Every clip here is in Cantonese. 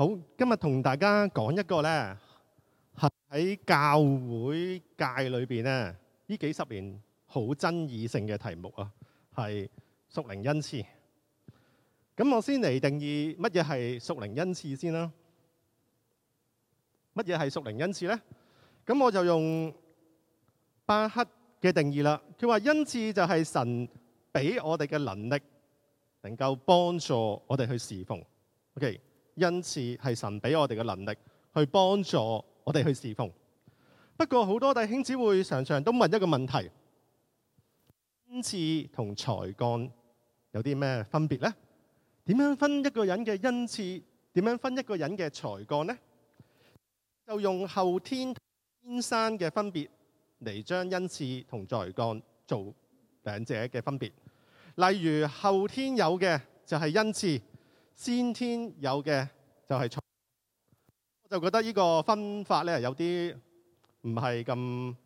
好，今日同大家講一個咧喺教會界裏邊咧，呢幾十年好爭議性嘅題目啊，係屬靈恩賜。咁我先嚟定義乜嘢係屬靈恩賜先啦。乜嘢係屬靈恩賜咧？咁我就用巴克嘅定義啦。佢話恩賜就係神俾我哋嘅能力，能夠幫助我哋去侍奉。OK。恩賜係神俾我哋嘅能力，去幫助我哋去侍奉。不過好多弟兄姊妹會常常都問一個問題：恩賜同才幹有啲咩分別呢？點樣分一個人嘅恩賜？點樣分一個人嘅才幹呢？就用後天天生嘅分別嚟將恩賜同才幹做兩者嘅分別。例如後天有嘅就係恩賜，先天有嘅。就係、我、就覺得呢個分法咧有啲唔係咁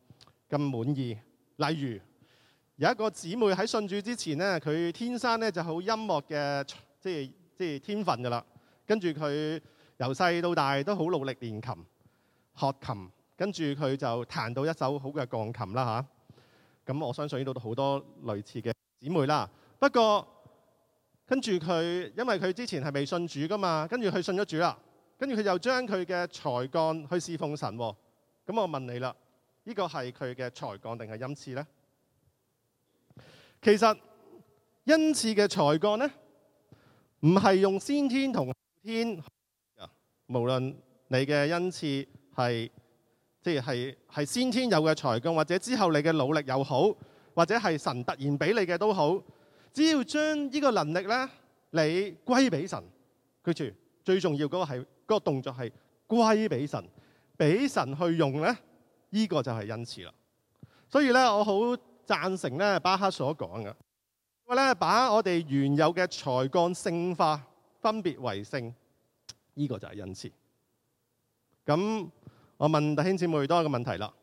咁滿意。例如有一個姊妹喺信主之前咧，佢天生咧就好音樂嘅，即係即係天分㗎啦。跟住佢由細到大都好努力練琴、學琴，跟住佢就彈到一首好嘅鋼琴啦吓，咁、啊、我相信呢度都好多類似嘅姊妹啦。不過跟住佢，因為佢之前係未信主噶嘛，跟住佢信咗主啦，跟住佢又將佢嘅才幹去侍奉神、哦。咁我問你啦，這個、呢個係佢嘅才幹定係恩賜咧？其實恩賜嘅才幹咧，唔係用先天同天，無論你嘅恩賜，係即係係先天有嘅才幹，或者之後你嘅努力又好，或者係神突然俾你嘅都好。只要將呢個能力咧，你歸俾神，佢住最重要嗰、那個係嗰動作係歸俾神，俾神去用咧，呢、這個就係恩賜啦。所以咧，我好贊成咧巴克所講嘅，話咧把我哋原有嘅才幹聖化分別為性，分別為聖，呢個就係恩賜。咁我問弟兄姊妹多一個問題啦，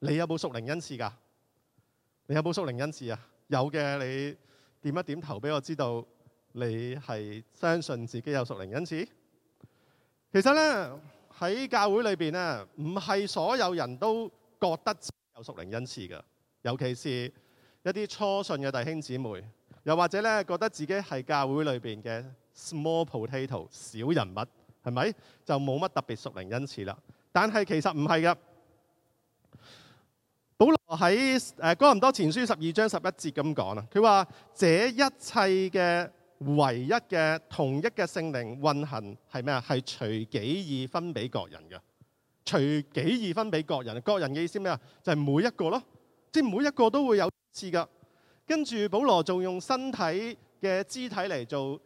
你有冇屬靈恩賜噶？你有冇屬靈恩賜啊？有嘅你，點一點頭俾我知道，你係相信自己有屬靈恩賜。其實呢，喺教會裏面，咧，唔係所有人都覺得自己有屬靈恩賜嘅，尤其是一啲初信嘅弟兄姊妹，又或者呢，覺得自己係教會裏面嘅 small potato 小人物，係咪就冇乜特別屬靈恩賜啦？但係其實唔係嘅。保羅喺誒哥林多前書十二章十一節咁講啊，佢話，這一切嘅唯一嘅同一嘅聖靈運行係咩啊？係隨己意分俾各人嘅，隨己意分俾各人。各人嘅意思咩啊？就係每一個咯，即係每一個都會有次噶。跟住保羅仲用身體嘅肢體嚟做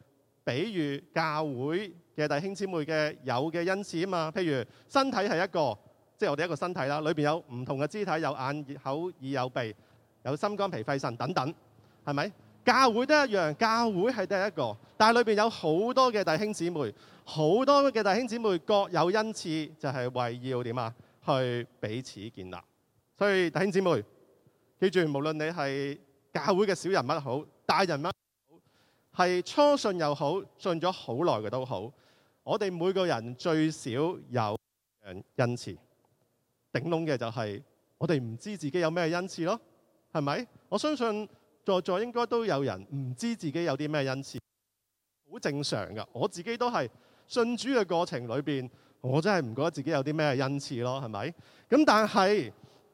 比喻教會嘅弟兄姊妹嘅有嘅恩賜啊嘛，譬如身體係一個。即係我哋一個身體啦，裏邊有唔同嘅肢體，有眼、口、耳、有鼻，有心、肝、脾、肺、腎等等，係咪？教會都一樣，教會係第一個，但係裏邊有好多嘅弟兄姊妹，好多嘅弟兄姊妹各有恩賜，就係、是、為要點啊？去彼此建立。所以弟兄姊妹記住，無論你係教會嘅小人物好，大人物好，係初信又好，信咗好耐嘅都好，我哋每個人最少有恩賜。頂籠嘅就係我哋唔知自己有咩恩賜咯，係咪？我相信在座應該都有人唔知自己有啲咩恩賜，好正常噶。我自己都係信主嘅過程裏邊，我真係唔覺得自己有啲咩恩賜咯，係咪？咁但係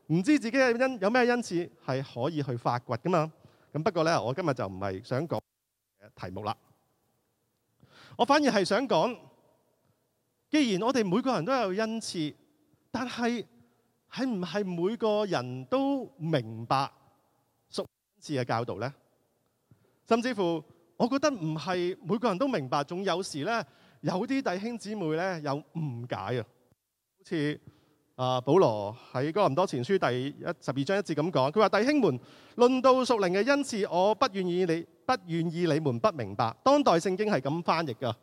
唔知自己嘅恩有咩恩賜係可以去發掘噶嘛？咁不過咧，我今日就唔係想講題目啦，我反而係想講，既然我哋每個人都有恩賜，但係係唔係每個人都明白屬靈恩賜嘅教導咧？甚至乎，我覺得唔係每個人都明白。仲有時咧，有啲弟兄姊妹咧，有誤解像啊。好似阿保羅喺、那個《哥林多前書》第一十二章一節咁講，佢話：弟兄們，論到屬靈嘅恩賜，我不願意你不願意你們不明白。當代聖經係咁翻譯噶，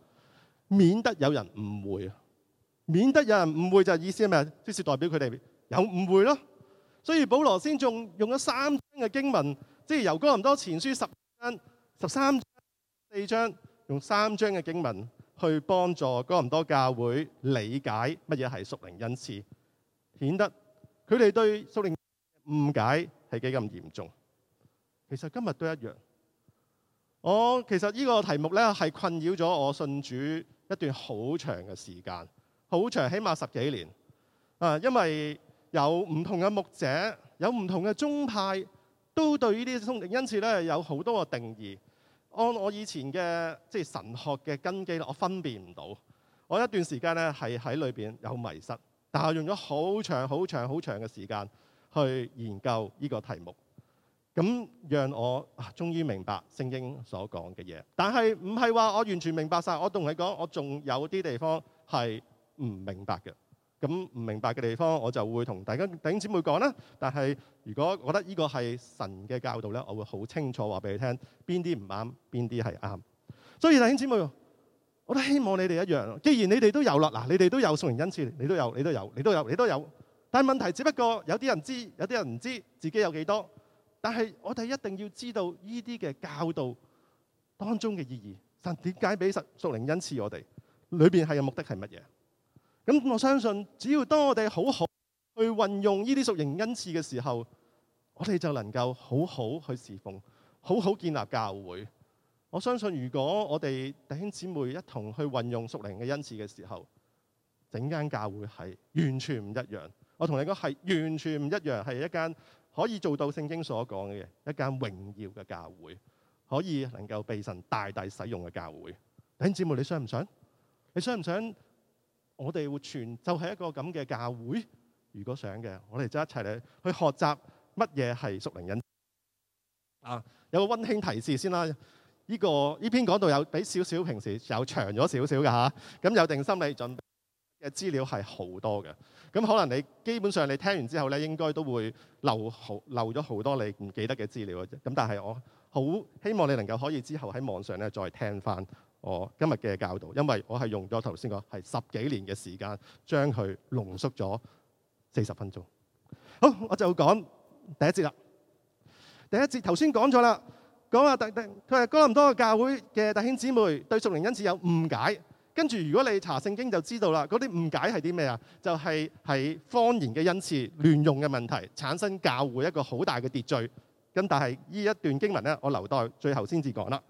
免得有人誤會啊！免得有人誤會就係意思係咩？即是代表佢哋。有誤會咯，所以保羅先仲用咗三章嘅經文，即係由哥林多前書十二章、十三章、十四章，用三章嘅經文去幫助哥林多教會理解乜嘢係屬靈恩賜，顯得佢哋對屬靈恩賜嘅誤解係幾咁嚴重。其實今日都一樣。我其實呢個題目咧係困擾咗我信主一段好長嘅時間，好長，起碼十幾年啊，因為。有唔同嘅牧者，有唔同嘅宗派，都對呢啲衝靈，因此咧有好多個定義。按我以前嘅即係神學嘅根基，我分辨唔到。我一段時間咧係喺裏邊有迷失，但係用咗好長、好長、好長嘅時間去研究呢個題目，咁讓我終於明白聖經所講嘅嘢。但係唔係話我完全明白晒。我同你講，我仲有啲地方係唔明白嘅。咁唔明白嘅地方，我就會同大家弟兄姊妹講啦。但係如果覺得呢個係神嘅教導咧，我會好清楚話俾你聽，邊啲唔啱，邊啲係啱。所以弟兄姊妹，我都希望你哋一樣。既然你哋都有啦，嗱，你哋都有屬靈恩賜，你都有，你都有，你都有，你都有。但係問題只不過有啲人知，有啲人唔知自己有幾多。但係我哋一定要知道依啲嘅教導當中嘅意義。神點解俾神屬靈恩賜我哋？裏邊係有目的係乜嘢？咁我相信，只要當我哋好好去運用呢啲屬靈恩賜嘅時候，我哋就能夠好好去侍奉，好好建立教會。我相信，如果我哋弟兄姊妹一同去運用屬靈嘅恩賜嘅時候，整間教會係完全唔一樣。我同你講，係完全唔一樣，係一間可以做到聖經所講嘅嘢，一間榮耀嘅教會，可以能夠被神大大使用嘅教會。弟兄姊妹，你想唔想？你想唔想？我哋會全就係一個咁嘅教會，如果想嘅，我哋就一齊嚟去學習乜嘢係屬靈恩賜。啊，有個溫馨提示先啦，呢、這個呢篇講到有比少少平時有長咗少少嘅嚇，咁、啊、有定心理準備嘅資料係好多嘅。咁可能你基本上你聽完之後咧，應該都會漏好漏咗好多你唔記得嘅資料嘅啫。咁但係我好希望你能夠可以之後喺網上咧再聽翻。我今日嘅教導，因為我係用咗頭先講係十幾年嘅時間，將佢濃縮咗四十分鐘。好，我就講第一節啦。第一節頭先講咗啦，講下佢係哥林多教會嘅弟兄姊妹對屬靈恩賜有誤解。跟住如果你查聖經就知道啦，嗰啲誤解係啲咩啊？就係係方言嘅恩賜亂用嘅問題，產生教會一個好大嘅秩序。咁但係呢一段經文咧，我留待最後先至講啦。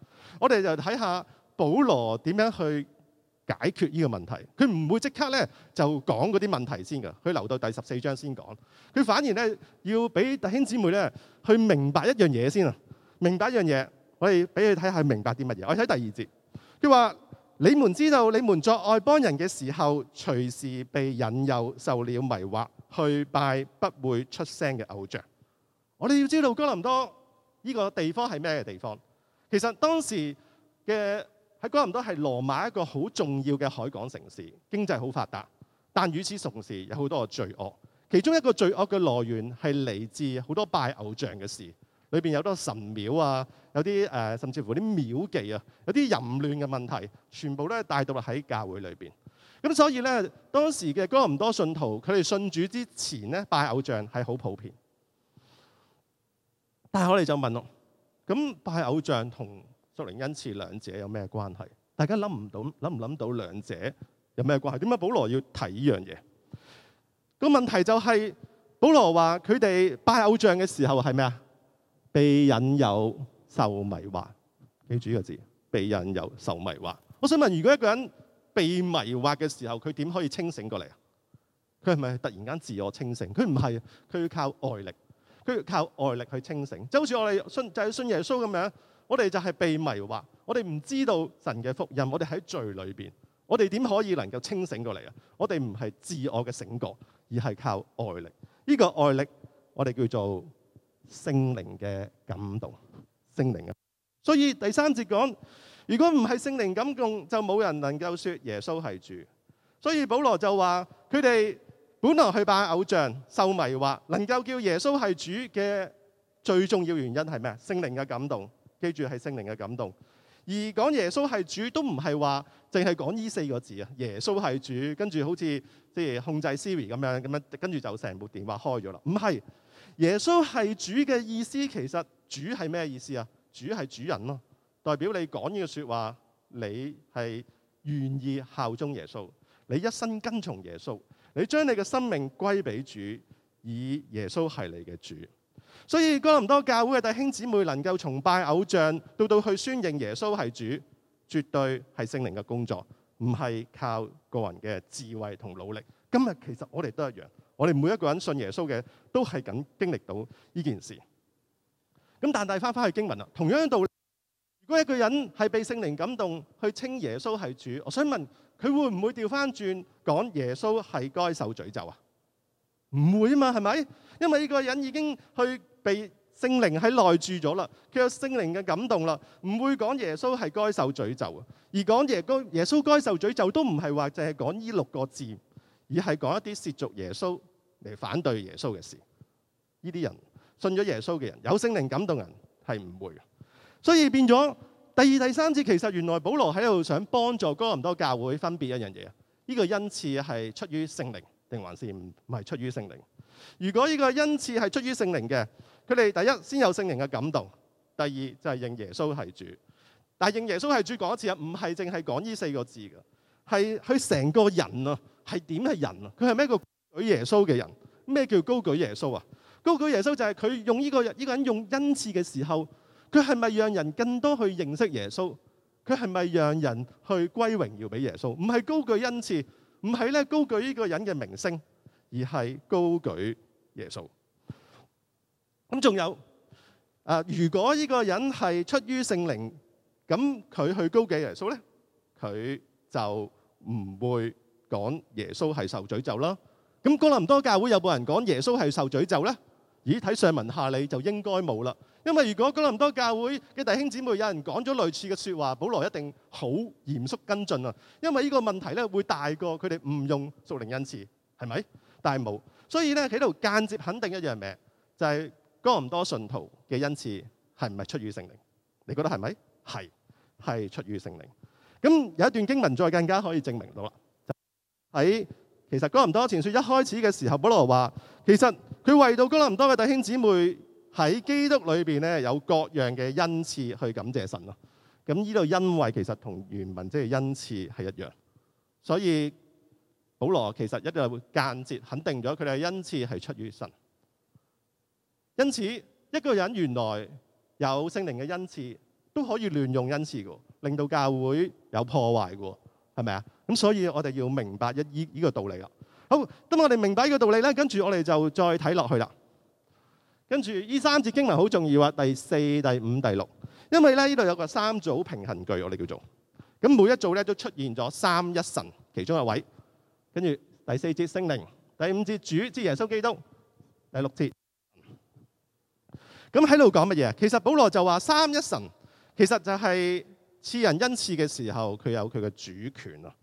我哋就睇下。保羅點樣去解決呢個問題？佢唔會即刻咧就講嗰啲問題先㗎，佢留到第十四章先講。佢反而咧要俾弟兄姊妹咧去明白一樣嘢先啊！明白一樣嘢，我哋俾你睇下，明白啲乜嘢？我睇第二節，佢話：你們知道你們在外邦人嘅時候，隨時被引誘，受了迷惑，去拜不會出聲嘅偶像。我哋要知道哥林多呢個地方係咩嘅地方？其實當時嘅喺哥林多係羅馬一個好重要嘅海港城市，經濟好發達。但與此同時，有好多嘅罪惡。其中一個罪惡嘅來源係嚟自好多拜偶像嘅事，裏邊有好多神廟啊，有啲誒、呃，甚至乎啲廟妓啊，有啲淫亂嘅問題，全部咧帶到落喺教會裏邊。咁所以咧，當時嘅哥林多信徒，佢哋信主之前咧拜偶像係好普遍。但係我哋就問咯，咁拜偶像同屬靈恩賜兩者有咩關係？大家諗唔到諗唔諗到兩者有咩關係？點解保羅要提呢樣嘢？個問題就係、是、保羅話佢哋拜偶像嘅時候係咩啊？被引誘受迷惑，記住呢個字，被引誘受迷惑。我想問，如果一個人被迷惑嘅時候，佢點可以清醒過嚟啊？佢係咪突然間自我清醒？佢唔係，佢要靠外力，佢要靠外力去清醒。就好似我哋信就係、是、信耶穌咁樣。我哋就係被迷惑，我哋唔知道神嘅福音。我哋喺罪裏邊，我哋點可以能夠清醒過嚟啊？我哋唔係自我嘅醒覺，而係靠愛力。呢個愛力，我哋叫做聖靈嘅感動，聖靈啊。所以第三節講，如果唔係聖靈感動，就冇人能夠說耶穌係主。所以保羅就話，佢哋本來去扮偶像，受迷惑，能夠叫耶穌係主嘅最重要原因係咩？聖靈嘅感動。記住係聖靈嘅感動，而講耶穌係主都唔係話淨係講呢四個字啊！耶穌係主，跟住好似即係控制 Siri 咁樣咁樣，跟住就成部電話開咗啦。唔係耶穌係主嘅意思，其實主係咩意思啊？主係主人咯，代表你講呢個說話，你係願意效忠耶穌，你一生跟從耶穌，你將你嘅生命歸俾主，以耶穌係你嘅主。所以，哥林多教會嘅弟兄姊妹能夠崇拜偶像，到到去宣認耶穌係主，絕對係聖靈嘅工作，唔係靠個人嘅智慧同努力。今日其實我哋都一樣，我哋每一個人信耶穌嘅，都係緊經歷到呢件事。咁但係翻返去經文啦，同樣嘅道理，如果一個人係被聖靈感動去稱耶穌係主，我想問佢會唔會調翻轉講耶穌係該受詛咒啊？唔會啊嘛，係咪？因為呢個人已經去被聖靈喺內住咗啦，佢有聖靈嘅感動啦，唔會講耶穌係該受詛咒啊。而講耶穌耶穌該受詛咒，都唔係話淨係講依六個字，而係講一啲褻瀆耶穌嚟反對耶穌嘅事。呢啲人信咗耶穌嘅人，有聖靈感動人係唔會嘅。所以變咗第二、第三次，其實原來保羅喺度想幫助哥林多教會分別一樣嘢呢。依個恩賜係出於聖靈，還是唔係出於聖靈。如果呢個恩賜係出於聖靈嘅，佢哋第一先有聖靈嘅感動，第二就係、是、認耶穌係主。但係認耶穌係主講一次啊，唔係淨係講呢四個字噶，係佢成個人啊，係點係人啊？佢係咩叫舉耶穌嘅人？咩叫高舉耶穌啊？高舉耶穌就係佢用呢、這個呢、這個人用恩賜嘅時候，佢係咪讓人更多去認識耶穌？佢係咪讓人去歸榮要俾耶穌？唔係高舉恩賜。唔係咧，高舉呢個人嘅名聲，而係高舉耶穌。咁仲有啊？如果呢個人係出於聖靈，咁佢去高舉耶穌咧，佢就唔會講耶穌係受詛咒啦。咁哥林多教會有冇人講耶穌係受詛咒咧？咦，睇上文下理就應該冇啦。因為如果哥林多教會嘅弟兄姊妹有人講咗類似嘅說話，保羅一定好嚴肅跟進啊！因為呢個問題咧會大過佢哋誤用屬靈恩賜，係咪？但係冇，所以咧喺度間接肯定一樣嘢，就係哥林多信徒嘅恩賜係唔係出於聖靈？你覺得係咪？係係出於聖靈。咁有一段經文再更加可以證明到啦，就喺其實哥林多前書一開始嘅時候，保羅話，其實佢為到哥林多嘅弟兄姊妹。喺基督裏邊咧，有各樣嘅恩賜去感謝神咯。咁呢度因為其實同原文即係、就是、恩賜係一樣，所以保羅其實一路會間接肯定咗佢哋嘅恩賜係出於神。因此，一個人原來有聖靈嘅恩賜，都可以亂用恩賜嘅，令到教會有破壞嘅，係咪啊？咁所以我哋要明白一依呢個道理啦。好，咁我哋明白呢個道理咧，跟住我哋就再睇落去啦。跟住呢三節經文好重要啊！第四、第五、第六，因為咧呢度有個三組平衡句，我哋叫做咁，每一組咧都出現咗三一神其中一位。跟住第四節聖靈，第五節主即耶穌基督，第六節。咁喺度講乜嘢？其實保羅就話三一神，其實就係賜人恩賜嘅時候，佢有佢嘅主權啊！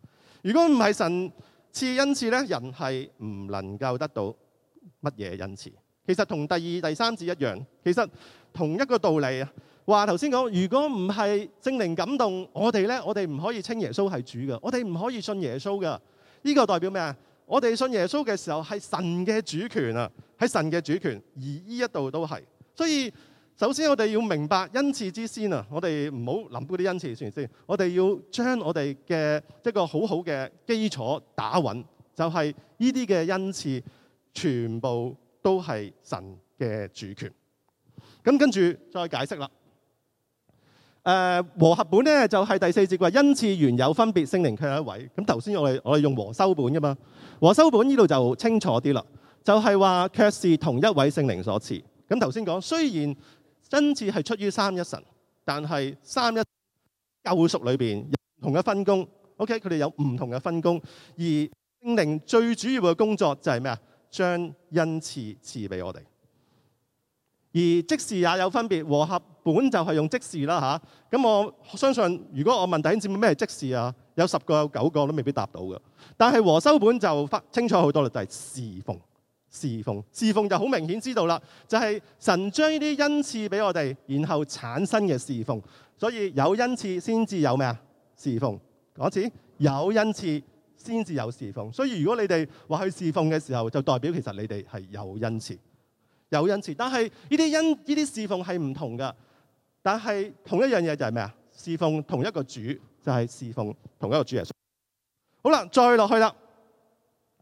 如果唔係神賜恩賜咧，人係唔能夠得到乜嘢恩賜。其實同第二、第三節一樣，其實同一個道理啊。話頭先講，如果唔係聖靈感動我哋咧，我哋唔可以稱耶穌係主嘅，我哋唔可以信耶穌嘅。呢個代表咩啊？我哋信耶穌嘅時候係神嘅主權啊，喺神嘅主權。而呢一度都係，所以首先我哋要明白恩賜之先啊，我哋唔好諗嗰啲恩賜先先。我哋要將我哋嘅一個好好嘅基礎打穩，就係呢啲嘅恩賜全部都係神嘅主權。咁跟住再解釋啦。誒、呃、和合本咧就係、是、第四節話，恩賜原有分別，聖靈卻有一位。咁頭先我哋我哋用和修本噶嘛，和修本呢度就清楚啲啦。就係、是、話卻是同一位聖靈所賜。咁頭先講，雖然恩賜係出於三一神，但係三一救贖裏面有唔同嘅分工。OK，佢哋有唔同嘅分工，而聖靈最主要嘅工作就係咩啊？將恩賜賜俾我哋，而職事也有分別。和合本就係用職事啦吓，咁、啊、我相信如果我問弟兄姊妹咩職事啊？有十個有九個都未必答到嘅。但係和修本就發清楚好多啦，就係、是、事奉，事奉，事奉就好明顯知道啦，就係、是、神將呢啲恩賜俾我哋，然後產生嘅事奉。所以有恩賜先至有咩啊？事奉，講一次，有恩賜。先至有侍奉，所以如果你哋話去侍奉嘅時候，就代表其實你哋係有恩賜，有恩賜，但係呢啲恩、呢啲侍奉係唔同噶。但係同一樣嘢就係咩啊？侍奉同一個主，就係侍奉同一個主，就係侍奉同一個主。好啦，再落去啦。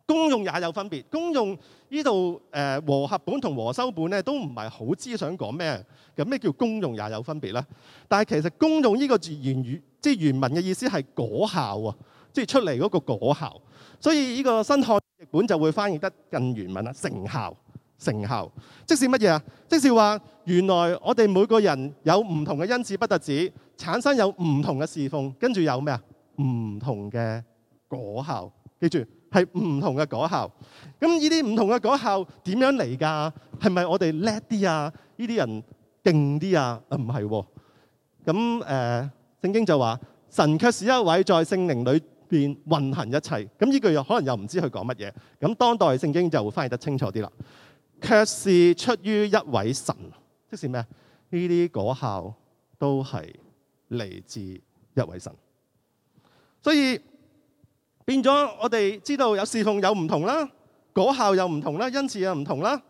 公用也有分別，公用呢度，誒和合本同和修本咧，都唔係好知想講咩。咁咩叫公用也有分別咧？但係其實公用呢個字原語即原文嘅意思係果效啊。即係出嚟嗰個果效，所以呢個新漢譯本就會翻譯得更原文啦。成效，成效，即是乜嘢啊？即是話原來我哋每個人有唔同嘅恩賜不特止，產生有唔同嘅侍奉，跟住有咩啊？唔同嘅果效，記住係唔同嘅果效。咁呢啲唔同嘅果效點樣嚟㗎？係咪我哋叻啲啊？呢啲人勁啲啊？啊，唔係喎。咁誒聖經就話神卻是一位在聖靈裏。變運行一切咁呢句又可能又唔知佢講乜嘢咁。當代聖經就會翻譯得清楚啲啦，卻是出於一位神，即是咩？呢啲果效都係嚟自一位神，所以變咗我哋知道有侍奉有唔同啦，果效又唔同啦，恩賜又唔同啦。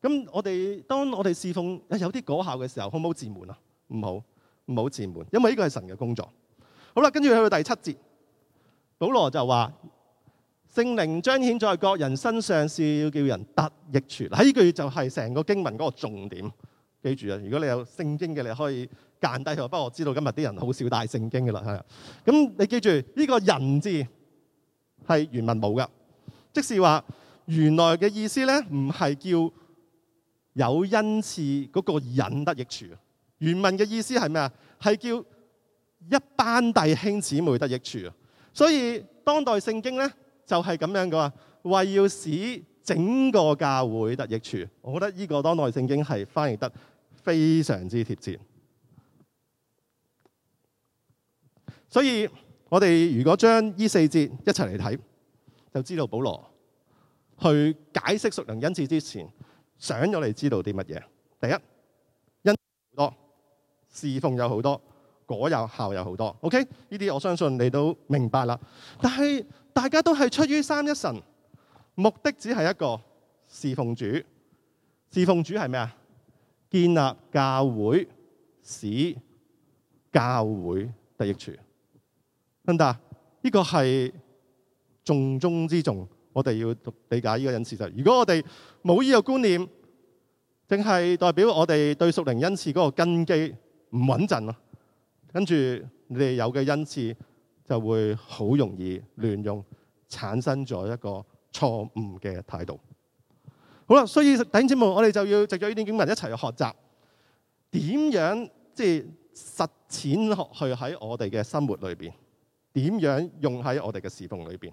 咁我哋當我哋侍奉有啲果效嘅時候，好唔好自滿？啊唔好唔好自滿，因為呢個係神嘅工作。好啦，跟住去到第七節。保羅就話，聖靈彰顯在各人身上是要叫人得益處。嗱，呢句就係成個經文嗰個重點。記住啊，如果你有聖經嘅，你可以間低佢。不過我知道今日啲人好少帶聖經噶啦，係啊。咁你記住呢個人字係原文冇噶，即是話原來嘅意思咧，唔係叫有恩賜嗰個人得益處。原文嘅意思係咩啊？係叫一班弟兄姊妹得益處啊。所以當代聖經咧就係、是、咁樣嘅話，為要使整個教會得益處，我覺得呢個當代聖經係翻譯得非常之貼切。所以我哋如果將呢四節一齊嚟睇，就知道保羅去解釋屬靈恩賜之前想咗嚟知道啲乜嘢？第一，恩賜有好多，侍奉有好多。果有效有好多，OK？呢啲我相信你都明白啦。但係大家都係出於三一神，目的只係一個侍奉主。侍奉主係咩啊？建立教會，使教會得益處。Indeed，呢個係重中之重。我哋要理解呢個恩賜就係。如果我哋冇呢個觀念，淨係代表我哋對屬靈恩賜嗰個根基唔穩陣咯。跟住你哋有嘅恩賜，就會好容易亂用，產生咗一個錯誤嘅態度。好啦，所以弟兄姊妹，我哋就要藉著呢啲經文一齊去學習點樣即係、就是、實踐學去喺我哋嘅生活裏邊，點樣用喺我哋嘅侍奉裏邊。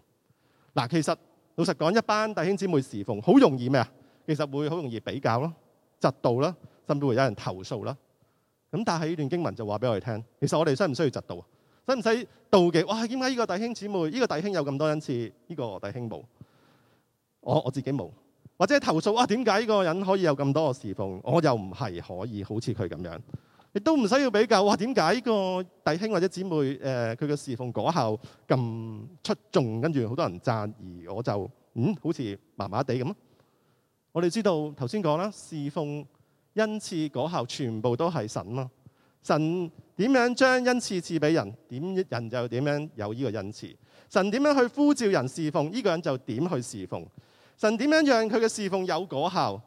嗱，其實老實講，一班弟兄姊妹侍奉好容易咩啊？其實會好容易比較咯、嫉妒啦，甚至會有人投訴啦。咁但係呢段經文就話俾我哋聽，其實我哋需唔需要嫉妒？使唔使妒忌？哇！點解呢個弟兄姊妹、呢個弟兄有咁多恩賜，呢個弟兄冇？我我自己冇，或者投訴啊？點解呢個人可以有咁多侍奉？我又唔係可以好似佢咁樣？亦都唔需要比較。哇！點解呢個弟兄或者姊妹誒佢嘅侍奉果效咁出眾，跟住好多人贊，而我就嗯好似麻麻地咁？我哋知道頭先講啦，侍奉。恩賜果效全部都係神咯，神點樣將恩賜賜俾人，點人就點樣有呢個恩賜。神點樣去呼召人侍奉，呢個人就點去侍奉。神點樣讓佢嘅侍奉有果效，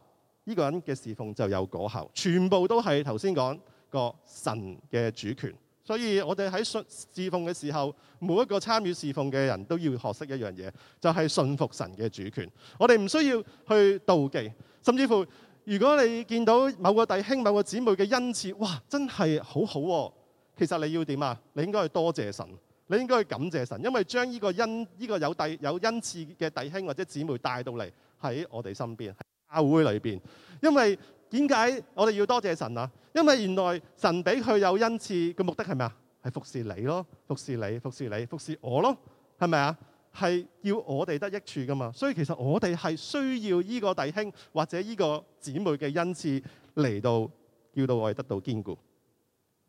呢個人嘅侍奉就有果效。全部都係頭先講個神嘅主權。所以我哋喺侍奉嘅時候，每一個參與侍奉嘅人都要學識一樣嘢，就係信服神嘅主權。我哋唔需要去妒忌，甚至乎。如果你見到某個弟兄、某個姊妹嘅恩賜，哇，真係好好、啊、喎！其實你要點啊？你應該去多謝神，你應該去感謝神，因為將呢個恩、有、呢、弟、個、有恩賜嘅弟兄或者姊妹帶到嚟喺我哋身邊，喺教會裏面。因為點解我哋要多謝神啊？因為原來神俾佢有恩賜嘅目的係咩啊？係服侍你咯，服侍你，服侍你，服侍我咯，係咪啊？係要我哋得益處噶嘛，所以其實我哋係需要依個弟兄或者依個姊妹嘅恩賜嚟到，叫到我哋得到堅固。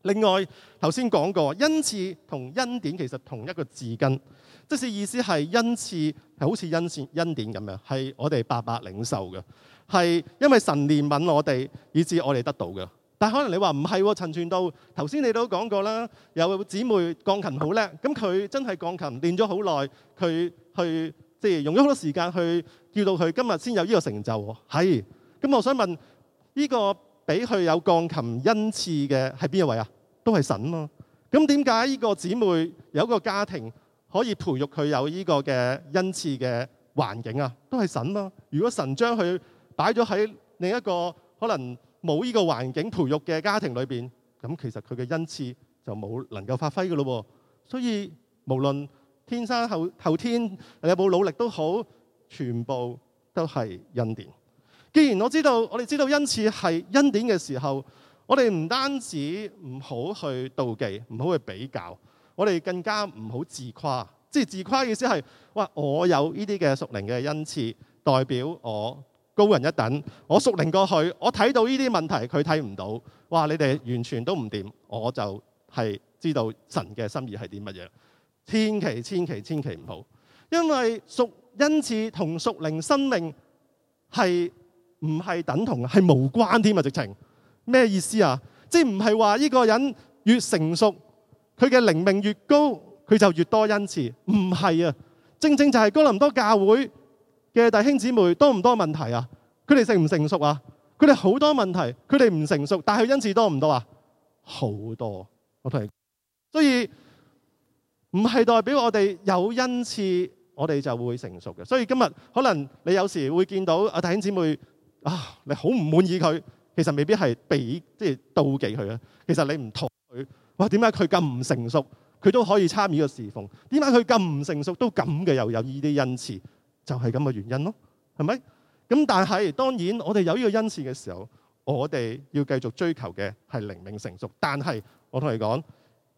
另外頭先講過，恩賜同恩典其實同一個字根，即係意思係恩賜好似恩恩典咁樣，係我哋白白領受嘅，係因為神憐憫我哋，以致我哋得到嘅。但可能你話唔係喎，陳傳道頭先你都講過啦，有姊妹鋼琴好叻，咁佢真係鋼琴練咗好耐，佢去即係用咗好多時間去叫到佢今日先有呢個成就喎。係，咁我想問呢個俾佢有鋼琴恩賜嘅係邊一位啊？都係神咯。咁點解呢個姊妹有個家庭可以培育佢有呢個嘅恩賜嘅環境啊？都係神咯。如果神將佢擺咗喺另一個可能冇呢個環境培育嘅家庭裏邊，咁其實佢嘅恩賜就冇能夠發揮嘅咯喎。所以無論天生後後天你有冇努力都好，全部都係恩典。既然我知道，我哋知道恩賜係恩典嘅時候，我哋唔單止唔好去妒忌，唔好去比較，我哋更加唔好自誇。即係自誇嘅意思係：哇！我有呢啲嘅屬靈嘅恩賜，代表我。高人一等，我屬靈過去，我睇到呢啲問題，佢睇唔到。哇！你哋完全都唔掂，我就係知道神嘅心意係啲乜嘢。千祈千祈千祈唔好，因為屬恩賜同屬靈生命係唔係等同，係無關添啊！直情咩意思啊？即係唔係話呢個人越成熟，佢嘅靈命越高，佢就越多恩賜？唔係啊！正正就係哥林多教會。嘅弟兄姊妹多唔多問題啊？佢哋成唔成熟啊？佢哋好多問題，佢哋唔成熟，但係恩賜多唔多啊？好多，我同你。所以唔係代表我哋有恩賜，我哋就會成熟嘅。所以今日可能你有時會見到啊弟兄姊妹啊，你好唔滿意佢，其實未必係畀即係妒忌佢啊。其實你唔同佢，哇，點解佢咁唔成熟，佢都可以參與個侍奉？點解佢咁唔成熟都咁嘅又有呢啲恩賜？就係咁嘅原因咯，係咪？咁但係當然，我哋有呢個恩賜嘅時候，我哋要繼續追求嘅係靈命成熟。但係我同你講，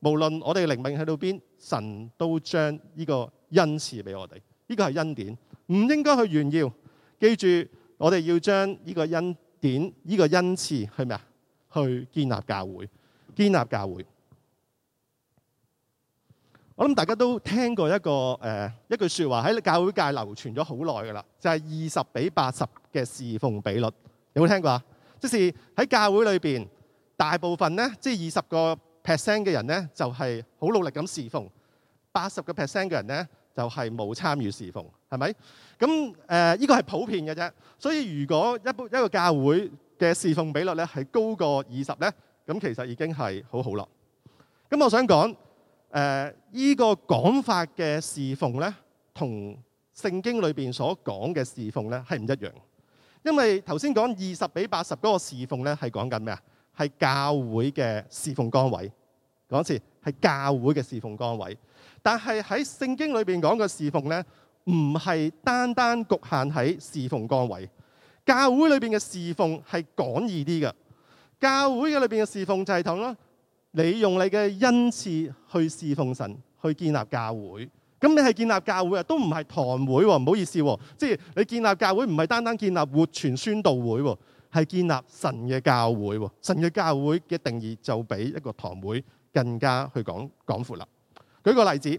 無論我哋靈命喺到邊，神都將呢個恩賜俾我哋。呢個係恩典，唔應該去炫耀。記住，我哋要將呢個恩典、呢個恩賜係咩啊？去建立教會，建立教會。我諗大家都聽過一個誒、呃、一句説話喺教會界流傳咗好耐㗎啦，就係二十比八十嘅侍奉比率，有冇聽過啊？即、即係喺教會裏邊，大部分咧即係二十個 percent 嘅人咧，就係、是、好、就係、努力咁侍奉；八十個 percent 嘅人咧，就係冇參與侍奉，係咪？咁誒，依、呃呢個係普遍嘅啫。所以如果一一個教會嘅侍奉比率咧係高過二十咧，咁其實已經係好好啦。咁我想講。誒，依、呃這個講法嘅侍奉咧，同聖經裏邊所講嘅侍奉咧，係唔一樣。因為頭先講二十比八十嗰個侍奉咧，係講緊咩啊？係教會嘅侍奉崗位。嗰次係教會嘅侍奉崗位。但係喺聖經裏邊講嘅侍奉咧，唔係單單局限喺侍奉崗位。教會裏邊嘅侍奉係廣義啲嘅。教會嘅裏邊嘅侍奉制度咯。你用你嘅恩賜去侍奉神，去建立教會。咁你係建立教會啊，都唔係堂會喎。唔好意思，即係你建立教會唔係單單建立活泉宣道會，係建立神嘅教會。神嘅教會嘅定義就比一個堂會更加去講廣闊啦。舉個例子，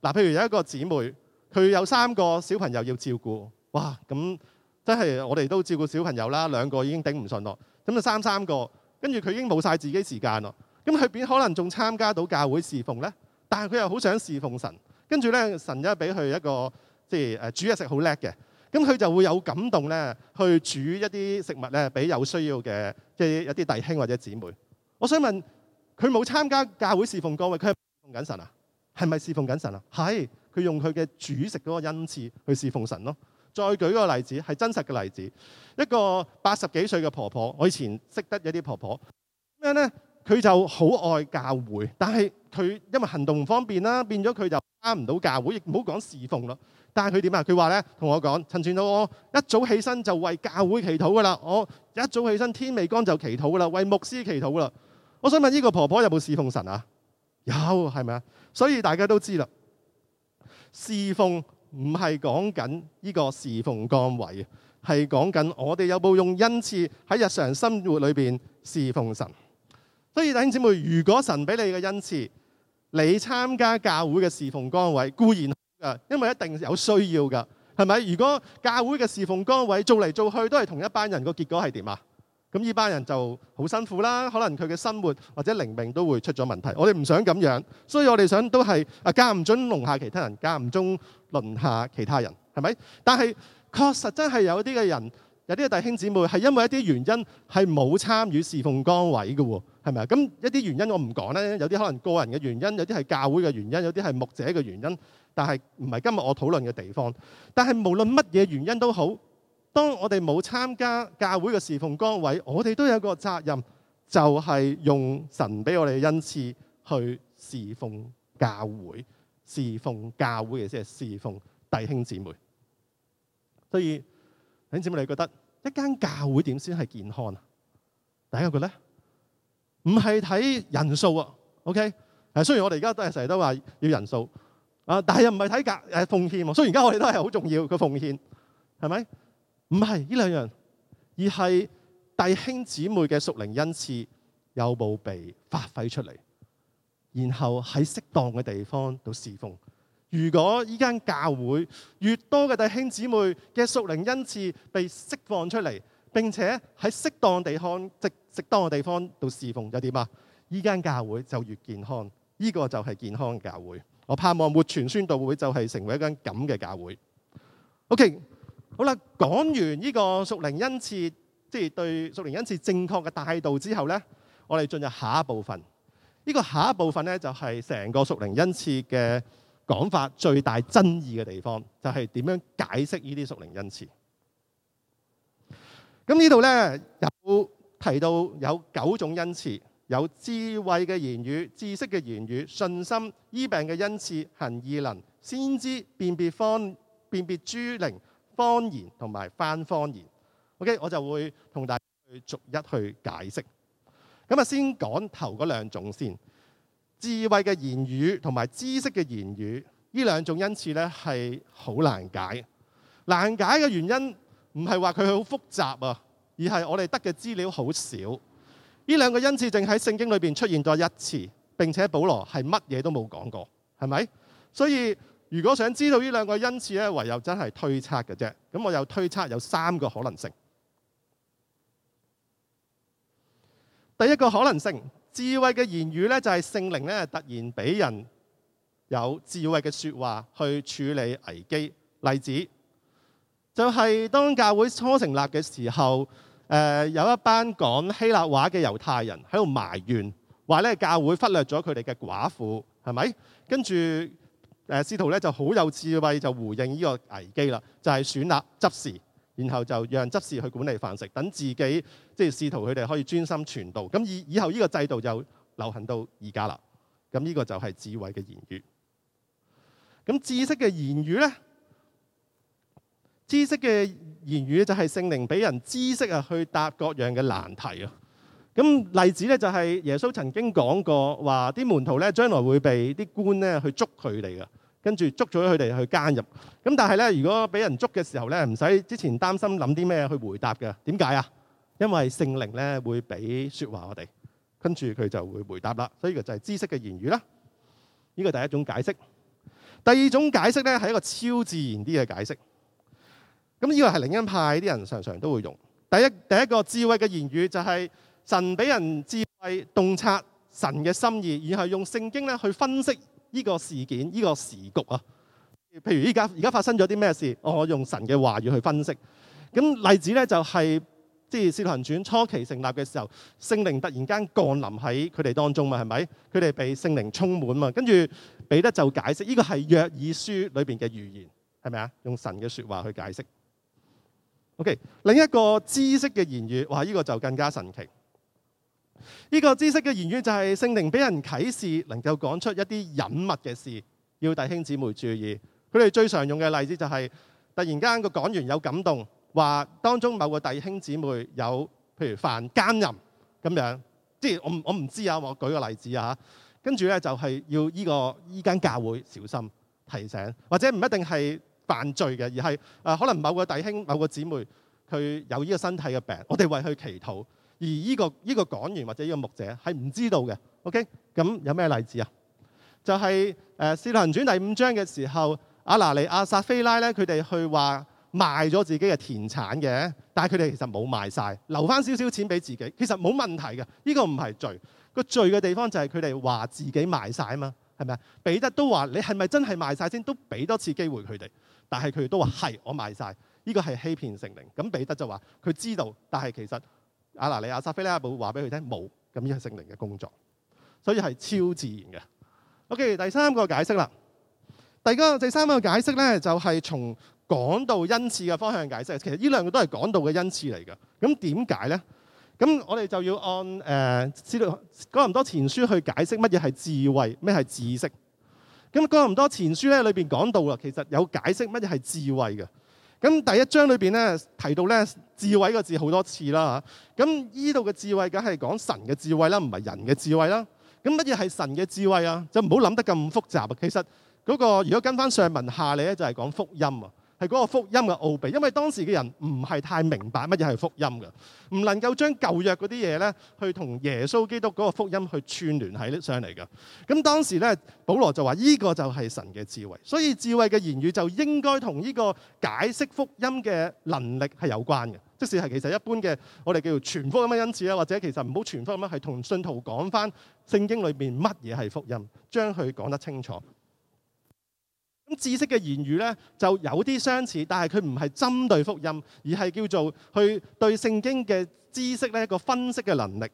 嗱，譬如有一個姊妹，佢有三個小朋友要照顧，哇，咁真係我哋都照顧小朋友啦，兩個已經頂唔順咯。咁就三三個，跟住佢已經冇晒自己時間咯。咁佢邊可能仲參加到教會侍奉咧？但係佢又好想侍奉神，跟住咧，神一俾佢一個即係、啊、煮嘢食好叻嘅，咁佢就會有感動咧，去煮一啲食物咧俾有需要嘅即係一啲弟兄或者姊妹。我想問佢冇參加教會侍奉崗位，佢侍奉緊神啊？係咪侍奉緊神啊？係佢用佢嘅煮食嗰個恩賜去侍奉神咯。再舉個例子，係真實嘅例子，一個八十幾歲嘅婆婆，我以前識得一啲婆婆，咩咧？佢就好愛教會，但係佢因為行動唔方便啦，變咗佢就返唔到教會，亦唔好講侍奉咯。但係佢點啊？佢話咧，同我講，陳傳道我一早起身就為教會祈禱噶啦。我一早起身天未光就祈禱噶啦，為牧師祈禱噶啦。我想問：呢個婆婆有冇侍奉神啊？有係咪啊？所以大家都知啦，侍奉唔係講緊呢個侍奉崗位，係講緊我哋有冇用恩賜喺日常生活裏面侍奉神。所以弟兄姊妹，如果神俾你嘅恩賜，你參加教會嘅侍奉崗位固然啊，因為一定有需要㗎，係咪？如果教會嘅侍奉崗位做嚟做去都係同一班人，個結果係點啊？咁呢班人就好辛苦啦，可能佢嘅生活或者靈命都會出咗問題。我哋唔想咁樣，所以我哋想都係啊，間唔準龍下其他人，間唔中輪下其他人，係咪？但係確實真係有啲嘅人，有啲嘅弟兄姊妹係因為一啲原因係冇參與侍奉崗位嘅喎。係咪啊？咁一啲原因我唔講咧，有啲可能個人嘅原因，有啲係教會嘅原因，有啲係牧者嘅原因。但係唔係今日我討論嘅地方。但係無論乜嘢原因都好，當我哋冇參加教會嘅侍奉崗位，我哋都有一個責任，就係用神俾我哋嘅恩賜去侍奉教會，侍奉教會嘅即係侍奉弟兄姊妹。所以弟兄姊妹，你覺得一間教會點先係健康啊？第一個呢。唔係睇人數啊，OK？係雖然我哋而家都係成日都話要人數啊，但係又唔係睇價誒奉獻啊。雖然而家我哋都係好重要嘅奉獻，係咪？唔係呢兩樣，而係弟兄姊妹嘅屬靈恩賜有冇被發揮出嚟，然後喺適當嘅地方度侍奉。如果依間教會越多嘅弟兄姊妹嘅屬靈恩賜被釋放出嚟，並且喺適當地看值。適當嘅地方到侍奉又點啊？依間教會就越健康，呢個就係健康嘅教會。我盼望活泉宣道會就係成為一間咁嘅教會。OK，好啦，講完呢個屬靈恩賜，即係對屬靈恩賜正確嘅態度之後呢，我哋進入下一部分。呢個下一部分呢，就係成個屬靈恩賜嘅講法最大爭議嘅地方，就係點樣解釋呢啲屬靈恩賜。咁呢度呢。有。提到有九種恩賜，有智慧嘅言語、知識嘅言語、信心、醫病嘅恩賜、行異能，先知辨別方，辨別諸靈、方言同埋翻方言。OK，我就會同大家去逐一去解釋。咁啊，先講頭嗰兩種先，智慧嘅言語同埋知識嘅言語，呢兩種恩賜呢，係好難解。難解嘅原因唔係話佢好複雜啊。而係我哋得嘅資料好少，呢兩個恩賜淨喺聖經裏面出現咗一次，並且保羅係乜嘢都冇講過，係咪？所以如果想知道呢兩個恩賜咧，唯有真係推測嘅啫。咁我有推測有三個可能性。第一個可能性，智慧嘅言語咧，就係聖靈咧突然俾人有智慧嘅說話去處理危機。例子。就係當教會初成立嘅時候，誒、呃、有一班講希臘話嘅猶太人喺度埋怨，話咧教會忽略咗佢哋嘅寡婦，係咪？跟住誒使徒咧就好有智慧，就回應呢個危機啦，就係、是、選立執事，然後就讓執事去管理飯食，等自己即係使徒佢哋可以專心傳道。咁以以後呢個制度就流行到而家啦。咁呢個就係智慧嘅言語。咁知識嘅言語咧？知識嘅言語就係聖靈俾人知識啊，去答各樣嘅難題啊。咁例子咧就係耶穌曾經講過話，啲門徒咧將來會被啲官咧去捉佢哋嘅，跟住捉咗佢哋去監入。咁但係咧，如果俾人捉嘅時候咧，唔使之前擔心諗啲咩去回答嘅。點解啊？因為聖靈咧會俾説話我哋，跟住佢就會回答啦。所以個就係知識嘅言語啦。呢個第一種解釋。第二種解釋咧係一個超自然啲嘅解釋。咁呢個係靈恩派啲人常常都會用。第一，第一個智慧嘅言語就係神俾人智慧洞察神嘅心意，然後用聖經咧去分析呢個事件，呢、這個時局啊。譬如依家而家發生咗啲咩事，我用神嘅話語去分析。咁例子咧就係、是、即係使徒行傳初期成立嘅時候，聖靈突然間降臨喺佢哋當中嘛，係咪？佢哋被聖靈充滿嘛，跟住彼得就解釋呢、這個係約珥書裏面嘅預言，係咪啊？用神嘅說話去解釋。OK，另一個知識嘅言語，哇！呢個就更加神奇。呢個知識嘅言語就係聖靈俾人啟示，能夠講出一啲隱密嘅事，要弟兄姊妹注意。佢哋最常用嘅例子就係突然間個講員有感動，話當中某個弟兄姊妹有譬如犯奸淫咁樣，即係我我唔知啊，我舉個例子啊。跟住咧就係要呢個呢間教會小心提醒，或者唔一定係犯罪嘅，而係誒、呃、可能某個弟兄、某個姊妹，佢有呢個身體嘅病，我哋為佢祈禱。而呢、這個依、這個講員或者呢個牧者係唔知道嘅。OK，咁有咩例子啊？就係、是、誒《使徒、呃、行傳》第五章嘅時候，亞拿尼亞撒非拉咧，佢哋去話賣咗自己嘅田產嘅，但係佢哋其實冇賣晒，留翻少少錢俾自己。其實冇問題嘅，呢、這個唔係罪。這個罪嘅地方就係佢哋話自己賣晒啊嘛，係咪啊？彼得都話你係咪真係賣晒先？都俾多次機會佢哋。但係佢哋都話係，我賣晒，呢、這個係欺騙聖靈。咁彼得就話佢知道，但係其實亞拿尼亞撒非喇布話俾佢聽冇。咁呢係聖靈嘅工作，所以係超自然嘅。OK，第三個解釋啦。第二個第三個解釋咧，就係從講道恩賜嘅方向解釋。其實呢兩個都係講道嘅恩賜嚟嘅。咁點解咧？咁我哋就要按誒《哥、呃、哥林多前書》去解釋乜嘢係智慧，咩係知識。咁哥林多前書咧裏面講到啦，其實有解釋乜嘢係智慧嘅。咁第一章裏面咧提到咧智慧個字好多次啦吓。咁呢度嘅智慧梗係講神嘅智慧啦，唔係人嘅智慧啦。咁乜嘢係神嘅智慧啊？就唔好諗得咁複雜。其實嗰個如果跟翻上文下嚟咧，就係講福音啊。係嗰個福音嘅奧秘，因為當時嘅人唔係太明白乜嘢係福音嘅，唔能夠將舊約嗰啲嘢呢去同耶穌基督嗰個福音去串聯喺上嚟嘅。咁當時呢，保羅就話：呢個就係神嘅智慧。所以智慧嘅言語就應該同呢個解釋福音嘅能力係有關嘅。即使是係其實一般嘅我哋叫做傳福音嘅因此，或者其實唔好傳福音，係同信徒講翻聖經裏面乜嘢係福音，將佢講得清楚。知識嘅言語咧就有啲相似，但係佢唔係針對福音，而係叫做去對聖經嘅知識咧一個分析嘅能力。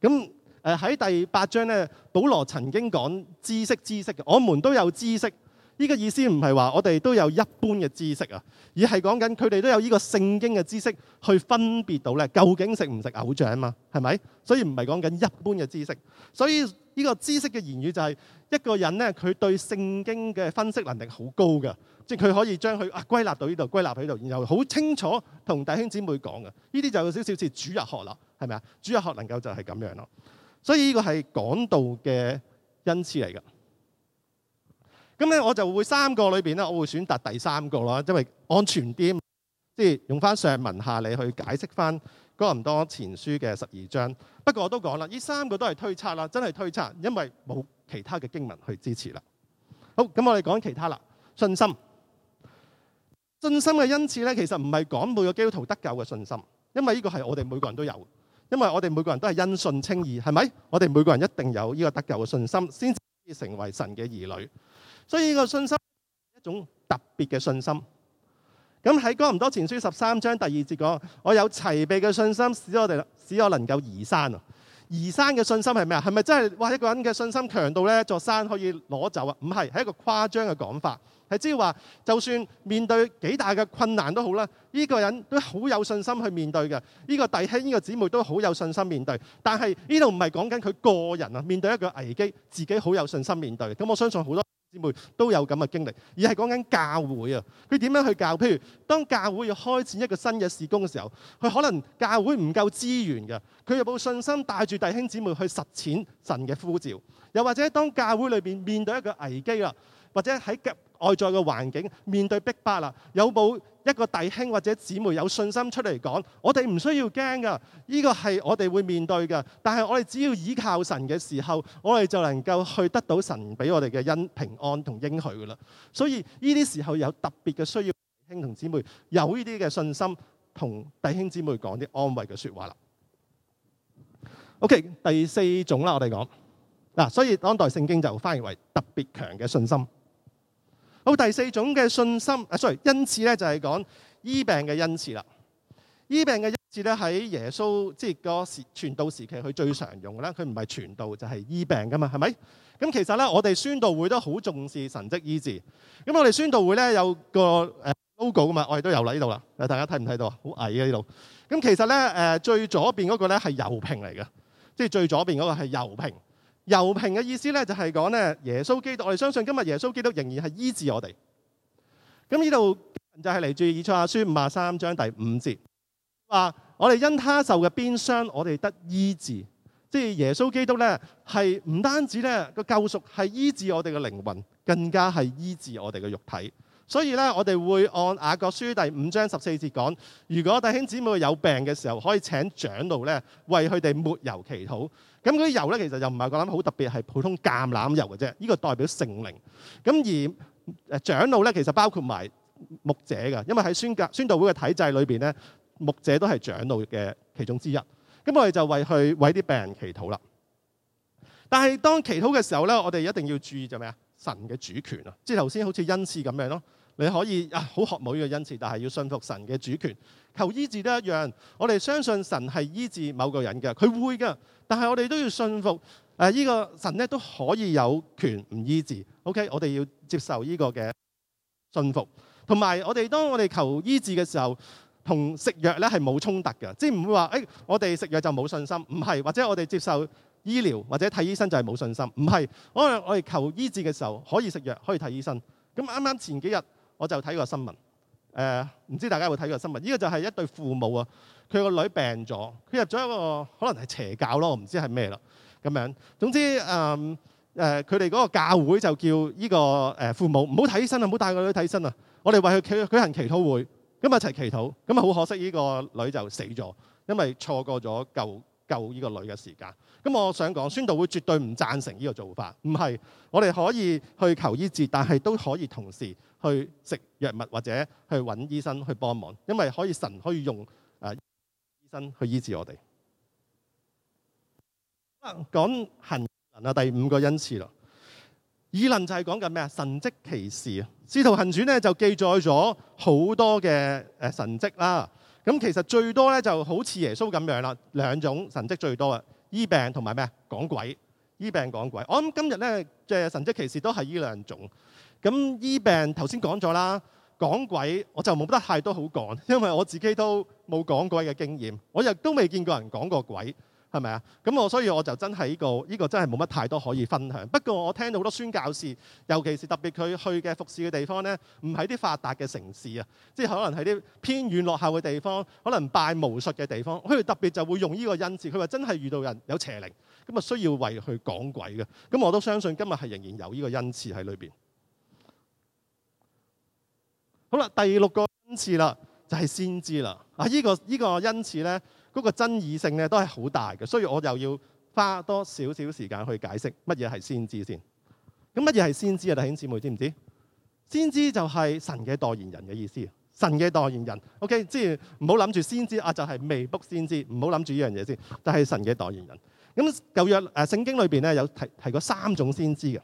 咁誒喺第八章咧，保羅曾經講知識，知識嘅我們都有知識。呢個意思唔係話我哋都有一般嘅知識啊，而係講緊佢哋都有呢個聖經嘅知識去分別到咧，究竟食唔食偶像啊嘛？係咪？所以唔係講緊一般嘅知識。所以呢個知識嘅言語就係一個人咧，佢對聖經嘅分析能力好高嘅，即係佢可以將佢啊歸納到呢度，歸納喺度，然後好清楚同弟兄姊妹講嘅。呢啲就有少少似主日學啦，係咪啊？主日學能夠就係咁樣咯。所以呢個係講道嘅恩賜嚟㗎。咁咧，我就會三個裏面，咧，我會選擇第三個啦，因為安全啲。即係用翻上文下理去解釋翻《哥林多前書》嘅十二章。不過我都講啦，呢三個都係推測啦，真係推測，因為冇其他嘅經文去支持啦。好，咁我哋講其他啦。信心，信心嘅恩賜咧，其實唔係講每個基督徒得救嘅信心，因為呢個係我哋每個人都有，因為我哋每個人都係因信稱義，係咪？我哋每個人一定有呢個得救嘅信心，先至成為神嘅兒女。所以呢個信心係一種特別嘅信心。咁喺《哥林多前書》十三章第二節講：我有齊備嘅信心使我，使我哋使我能夠移山啊！移山嘅信心係咩啊？係咪真係話？一個人嘅信心強到呢一座山可以攞走啊？唔係，係一個誇張嘅講法係，即係話就算面對幾大嘅困難都好啦，呢、這個人都好有信心去面對嘅。呢、這個弟兄、呢、這個姊妹都好有信心面對。但係呢度唔係講緊佢個人啊，面對一個危機，自己好有信心面對。咁我相信好多。都有咁嘅經歷，而係講緊教會啊，佢點樣去教？譬如當教會要開展一個新嘅事工嘅時候，佢可能教會唔夠資源嘅，佢有冇信心帶住弟兄姊妹去實踐神嘅呼召？又或者當教會裏面面對一個危機啊，或者喺外在嘅環境面對逼迫啦，有冇一個弟兄或者姊妹有信心出嚟講？我哋唔需要驚噶，呢個係我哋會面對嘅。但係我哋只要依靠神嘅時候，我哋就能夠去得到神俾我哋嘅恩、平安同應許噶啦。所以呢啲時候有特別嘅需要，弟兄同姊妹有呢啲嘅信心，同弟兄姊妹講啲安慰嘅說話啦。OK，第四種啦，我哋講嗱，所以當代聖經就翻譯為特別強嘅信心。好，第四種嘅信心啊，sorry，恩賜咧就係講醫病嘅恩賜啦。醫病嘅恩賜咧喺耶穌即係個時傳道時期，佢最常用嘅啦。佢唔係傳道，就係、是、醫病噶嘛，係咪？咁其實咧，我哋宣道會都好重視神蹟醫治。咁我哋宣道會咧有個誒 logo 噶嘛，我哋都有啦，呢度啦。大家睇唔睇到啊？好矮啊，呢度。咁其實咧、呃、最左邊嗰個咧係油瓶嚟嘅，即係最左邊嗰個係油瓶。油瓶嘅意思咧，就係講咧耶穌基督，我哋相信今日耶穌基督仍然係醫治我哋。咁呢度就係嚟自以賽亞書五十三章第五節，話我哋因他受嘅鞭傷，我哋得醫治。即係耶穌基督咧，係唔單止咧個救贖係醫治我哋嘅靈魂，更加係醫治我哋嘅肉體。所以咧，我哋會按雅各書第五章十四節講：如果弟兄姊妹有病嘅時候，可以請長老咧為佢哋抹油祈禱。咁嗰啲油咧，其實又唔係我諗好特別，係普通橄欖油嘅啫。呢、呢個代表聖靈。咁而誒長老咧，其實包括埋牧者嘅，因為喺宣教宣道會嘅體制裏面咧，牧者都係長老嘅其中之一。咁我哋就為去為啲病人祈禱啦。但係當祈禱嘅時候咧，我哋一定要注意就咩啊？神嘅主權啊！即係頭先好似恩賜咁樣咯。你可以啊，好渴慕呢個恩賜，但係要信服神嘅主權。求醫治都一樣，我哋相信神係醫治某個人嘅，佢會嘅。但係我哋都要信服誒呢、啊這個神咧，都可以有權唔醫治。OK，我哋要接受呢個嘅信服。同埋我哋當我哋求醫治嘅時候，同食藥咧係冇衝突嘅，即係唔會話誒、哎、我哋食藥就冇信心，唔係或者我哋接受醫療或者睇醫生就係冇信心，唔係。我哋我哋求醫治嘅時候可以食藥，可以睇醫生。咁啱啱前幾日。我就睇個新聞，誒、呃、唔知大家會睇個新聞？呢、這個就係一對父母啊，佢個女病咗，佢入咗一個可能係邪教咯，唔知係咩啦咁樣。總之誒誒，佢哋嗰個教會就叫呢、這個誒、呃、父母唔好睇醫生啊，唔好帶個女睇醫生啊。我哋為佢舉舉行祈禱會，咁啊一齊祈禱。咁啊好可惜，呢個女就死咗，因為錯過咗救救呢個女嘅時間。咁我想講，宣道會絕對唔贊成呢個做法，唔係我哋可以去求醫治，但係都可以同時。去食藥物或者去揾醫生去幫忙，因為可以神可以用誒、啊、醫生去醫治我哋。啊，講行啊，第五個恩賜啦。二論就係講緊咩啊？神蹟奇事啊，《使徒行傳》咧就記載咗好多嘅誒神蹟啦。咁其實最多咧就好似耶穌咁樣啦，兩種神蹟最多嘅，醫病同埋咩啊，趕鬼。醫病趕鬼，我諗今日咧嘅神蹟奇事都係呢兩種。咁醫病頭先講咗啦，講、e、鬼我就冇得太多好講，因為我自己都冇講鬼嘅經驗，我又都未見過人講過鬼，係咪啊？咁我所以我就真係呢、這個呢、這個真係冇乜太多可以分享。不過我聽到好多宣教士，尤其是特別佢去嘅服侍嘅地方咧，唔喺啲發達嘅城市啊，即係可能喺啲偏遠落後嘅地方，可能拜巫術嘅地方，佢特別就會用呢個恩賜。佢話真係遇到人有邪靈咁啊，需要為佢講鬼嘅。咁我都相信今日係仍然有呢個恩賜喺裏邊。好啦，第六個恩賜啦，就係先知啦。啊，呢個呢個恩賜咧，嗰個爭議性咧都係好大嘅，所以我又要花多少少時間去解釋乜嘢係先知先。咁乜嘢係先知啊？弟兄姊妹知唔知？先知就係神嘅代言人嘅意思，神嘅代言人。OK，即係唔好諗住先知啊，就係微卜先知，唔好諗住呢樣嘢先。就係神嘅代言人。咁舊約誒聖經裏邊咧有提提過三種先知嘅。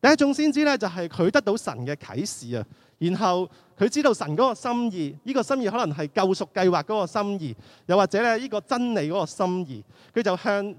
第一種先知咧，就係佢得到神嘅啟示啊，然後佢知道神嗰個心意，呢、呢個心意可能係救贖計劃嗰個心意，又或者咧呢個真理嗰個心意，佢就向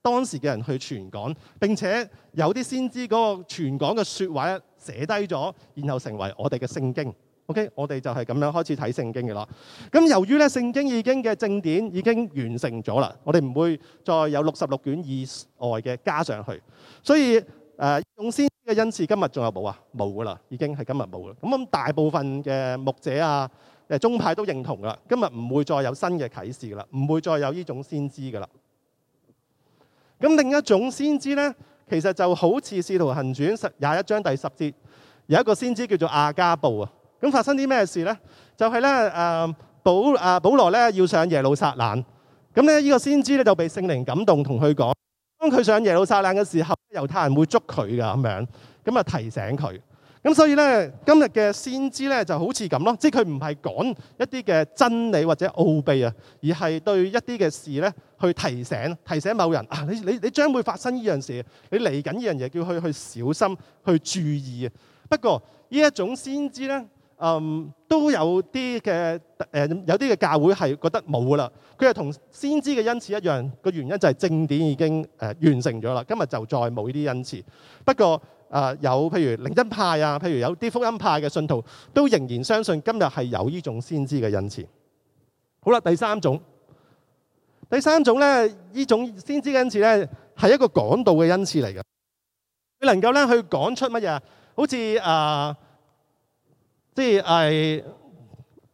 當時嘅人去傳講。並且有啲先知嗰個傳講嘅說話咧寫低咗，然後成為我哋嘅聖經。OK，我哋就係咁樣開始睇聖經嘅啦。咁由於咧聖經已經嘅正典已經完成咗啦，我哋唔會再有六十六卷以外嘅加上去，所以。呢種先知嘅恩賜今日仲有冇啊？冇噶啦，已經係今日冇啦。咁咁大部分嘅牧者啊，誒宗派都認同噶啦。今日唔會再有新嘅啟示噶啦，唔會再有呢種先知噶啦。咁另一種先知咧，其實就好似《使徒行傳》廿一章第十節，有一個先知叫做亞加布啊。咁發生啲咩事咧？就係咧誒保啊，保羅咧要上耶路撒冷，咁咧呢個先知咧就被聖靈感動同佢講。當佢上耶路撒冷嘅時候，猶太人會捉佢噶咁樣，咁就提醒佢。咁所以咧，今日嘅先知咧就好似咁咯，即係佢唔係講一啲嘅真理或者奧秘啊，而係對一啲嘅事咧去提醒，提醒某人啊，你你你將會發生呢樣事，你嚟緊呢樣嘢，叫佢去，去小心去注意啊。不過呢一種先知咧。嗯，都有啲嘅、呃、有啲嘅教會係覺得冇噶啦。佢係同先知嘅恩賜一樣，個原因就係正典已經、呃、完成咗啦。今日就再冇呢啲恩賜。不過啊、呃，有譬如靈恩派啊，譬如有啲福音派嘅信徒都仍然相信今日係有呢種先知嘅恩賜。好啦，第三種，第三種咧，呢種先知嘅恩賜咧，係一個講道嘅恩賜嚟嘅。佢能夠咧去講出乜嘢？好似啊～、呃即係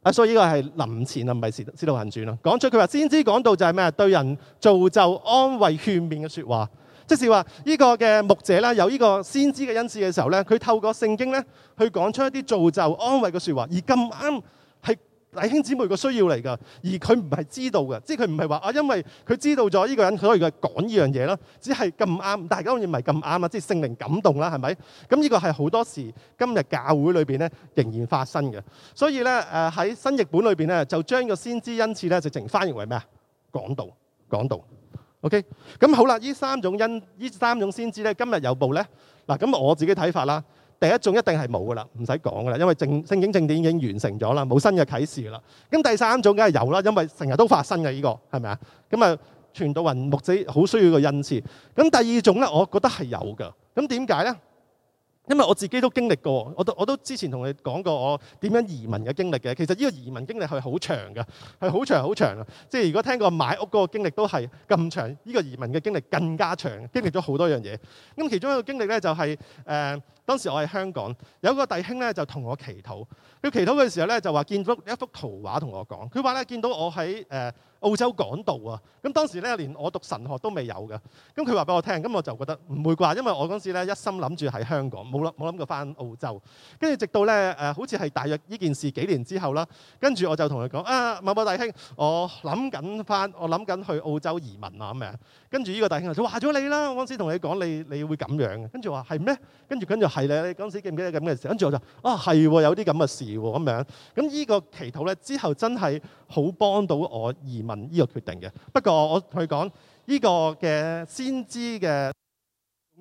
啊所以，呢個係林前啊，唔係《使使徒行傳》咯。講出佢話先知講到就係咩啊？對人造就安慰、勸勉嘅說話，即是話呢個嘅牧者啦，有呢個先知嘅恩賜嘅時候咧，佢透過聖經咧去講出一啲造就安慰嘅說話，而咁啱，弟兄姊妹個需要嚟㗎，而佢唔係知道嘅，即係佢唔係話啊，因為佢知道咗呢個人，佢可以佢講呢樣嘢啦，只係咁啱，大家好似唔係咁啱啊，即係聖靈感動啦，係咪？咁呢個係好多時今日教會裏面咧仍然發生嘅。所以咧喺新譯本裏面咧就將個先知恩賜咧直情翻譯為咩啊？講道，講道。OK，咁好啦，呢三種恩，呢三種先知咧，今日有報咧嗱。咁我自己睇法啦。第一種一定係冇噶啦，唔使講噶啦，因為聖經正典已經完成咗啦，冇新嘅啟示啦。咁第三種梗係有啦，因為成日都發生嘅呢個係咪啊？咁啊，傳道人牧師好需要個恩賜。咁第二種咧，我覺得係有噶。咁點解呢？因為我自己都經歷過，我都我都之前同你講過我點樣移民嘅經歷嘅。其實呢個移民經歷係好長嘅，係好長好長啊！即係如果聽過買屋嗰個經歷都係咁長，呢、呢個移民嘅經歷更加長，經歷咗好多樣嘢。咁其中一個經歷呢、就係，就係誒。當時我喺香港，有個弟兄咧就同我祈禱。佢祈禱嘅時候咧就話見到一幅圖畫同我講，佢話咧見到我喺誒、呃、澳洲講道啊。咁當時咧連我讀神學都未有嘅，咁佢話俾我聽，咁我就覺得唔會啩，因為我嗰時咧一心諗住喺香港，冇諗冇諗過翻澳洲。跟住直到咧誒、呃、好似係大約呢件事幾年之後啦，跟住我就同佢講啊某某大兄，我諗緊翻，我諗緊去澳洲移民啊咁樣？跟住呢個弟兄就話咗你啦，我嗰時同你講你你會咁樣，跟住話係咩？跟住跟住。係咧，你嗰陣時記唔記得咁嘅時候？跟住我就啊，係喎，有啲咁嘅事喎，咁樣咁呢個祈禱咧，之後真係好幫到我移民呢個決定嘅。不過我佢講呢個嘅先知嘅呢、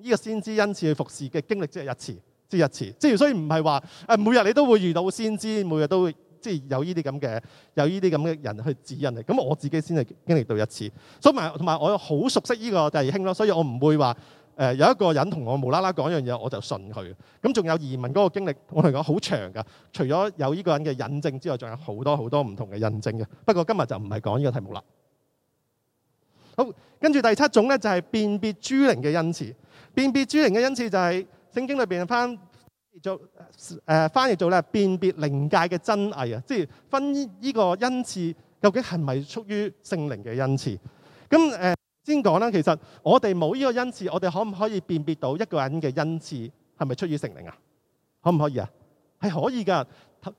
這個先知恩賜去服侍嘅經歷，即係一次，即係一次，即係所以唔係話誒每日你都會遇到先知，每日都即係、會、有呢啲咁嘅有呢啲咁嘅人去指引你。咁我自己先係經歷到一次，所以同埋我好熟悉呢個弟兄咯，所以我唔會話。誒、呃、有一個人同我無啦啦講一樣嘢，我就信佢。咁仲有移民嗰個經歷，我同你講好長噶。除咗有呢個人嘅印證之外，仲有好多好多唔同嘅印證嘅。不過今日就唔係講呢個題目啦。好，跟住第七種咧就係、是、辨別諸靈嘅恩賜。辨別諸靈嘅恩賜就係、是、聖經裏邊翻譯做誒、呃、翻譯做咧，辨別靈界嘅真偽啊，即係分依個恩賜究竟係咪屬於聖靈嘅恩賜。咁誒。呃先講啦，其實我哋冇呢個恩賜，我哋可唔可以辨別到一個人嘅恩賜係咪出於聖靈啊？可唔可以啊？係可以噶。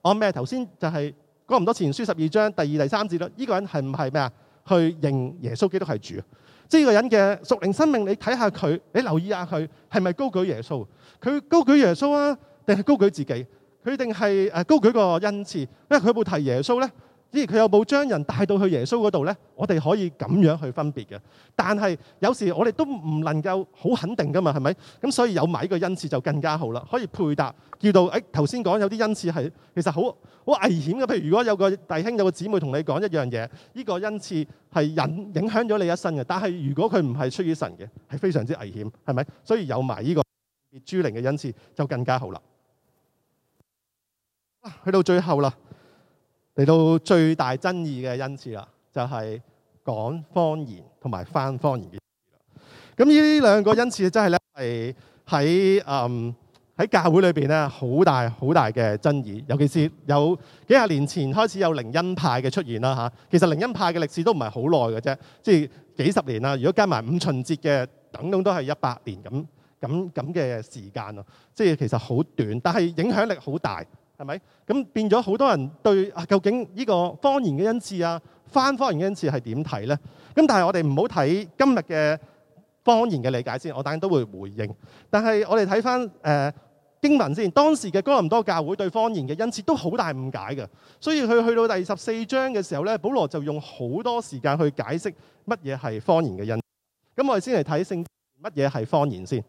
我咩頭先就係講哥林多前書十二章第二、第三節啦。呢、呢個人係唔係咩啊？去認耶穌基督係主，即係呢個人嘅屬靈生命。你睇下佢，你留意一下佢，係咪高舉耶穌？佢高舉耶穌啊，定係高舉自己？佢定係誒高舉個恩賜？因為佢有冇提耶穌咧？咦？佢有冇將人帶到去耶穌嗰度咧？我哋可以咁樣去分別嘅。但係有時我哋都唔能夠好肯定噶嘛，係咪？咁所以有埋呢個恩賜就更加好啦，可以配搭叫到誒頭先講有啲恩賜係其實好好危險嘅。譬如如果有個弟兄有個姊妹同你講一樣嘢，呢個恩賜係引影響咗你一生嘅。但係如果佢唔係出於神嘅，係非常之危險，係咪？所以有埋呢個別諸靈嘅恩賜就更加好啦。去到最後啦。嚟到最大爭議嘅恩賜啦，就係、是、講方言同埋翻方言嘅。咁呢兩個恩賜真係咧，係喺嗯喺教會裏邊咧，好大好大嘅爭議。尤其是有幾廿年前開始有靈恩派嘅出現啦嚇。其實靈恩派嘅歷史都唔係好耐嘅啫，即係幾十年啦。如果加埋五旬節嘅，等等都係一百年咁咁咁嘅時間咯。即係其實好短，但係影響力好大。係咪？咁變咗好多人對啊，究竟呢個方言嘅恩賜啊，翻方言嘅恩賜係點睇呢？咁但係我哋唔好睇今日嘅方言嘅理解先，我等陣都會回應。但係我哋睇翻誒經文先，當時嘅哥林多教會對方言嘅恩賜都好大誤解嘅，所以佢去到第十四章嘅時候咧，保羅就用好多時間去解釋乜嘢係方言嘅恩。咁我哋先嚟睇聖經乜嘢係方言先。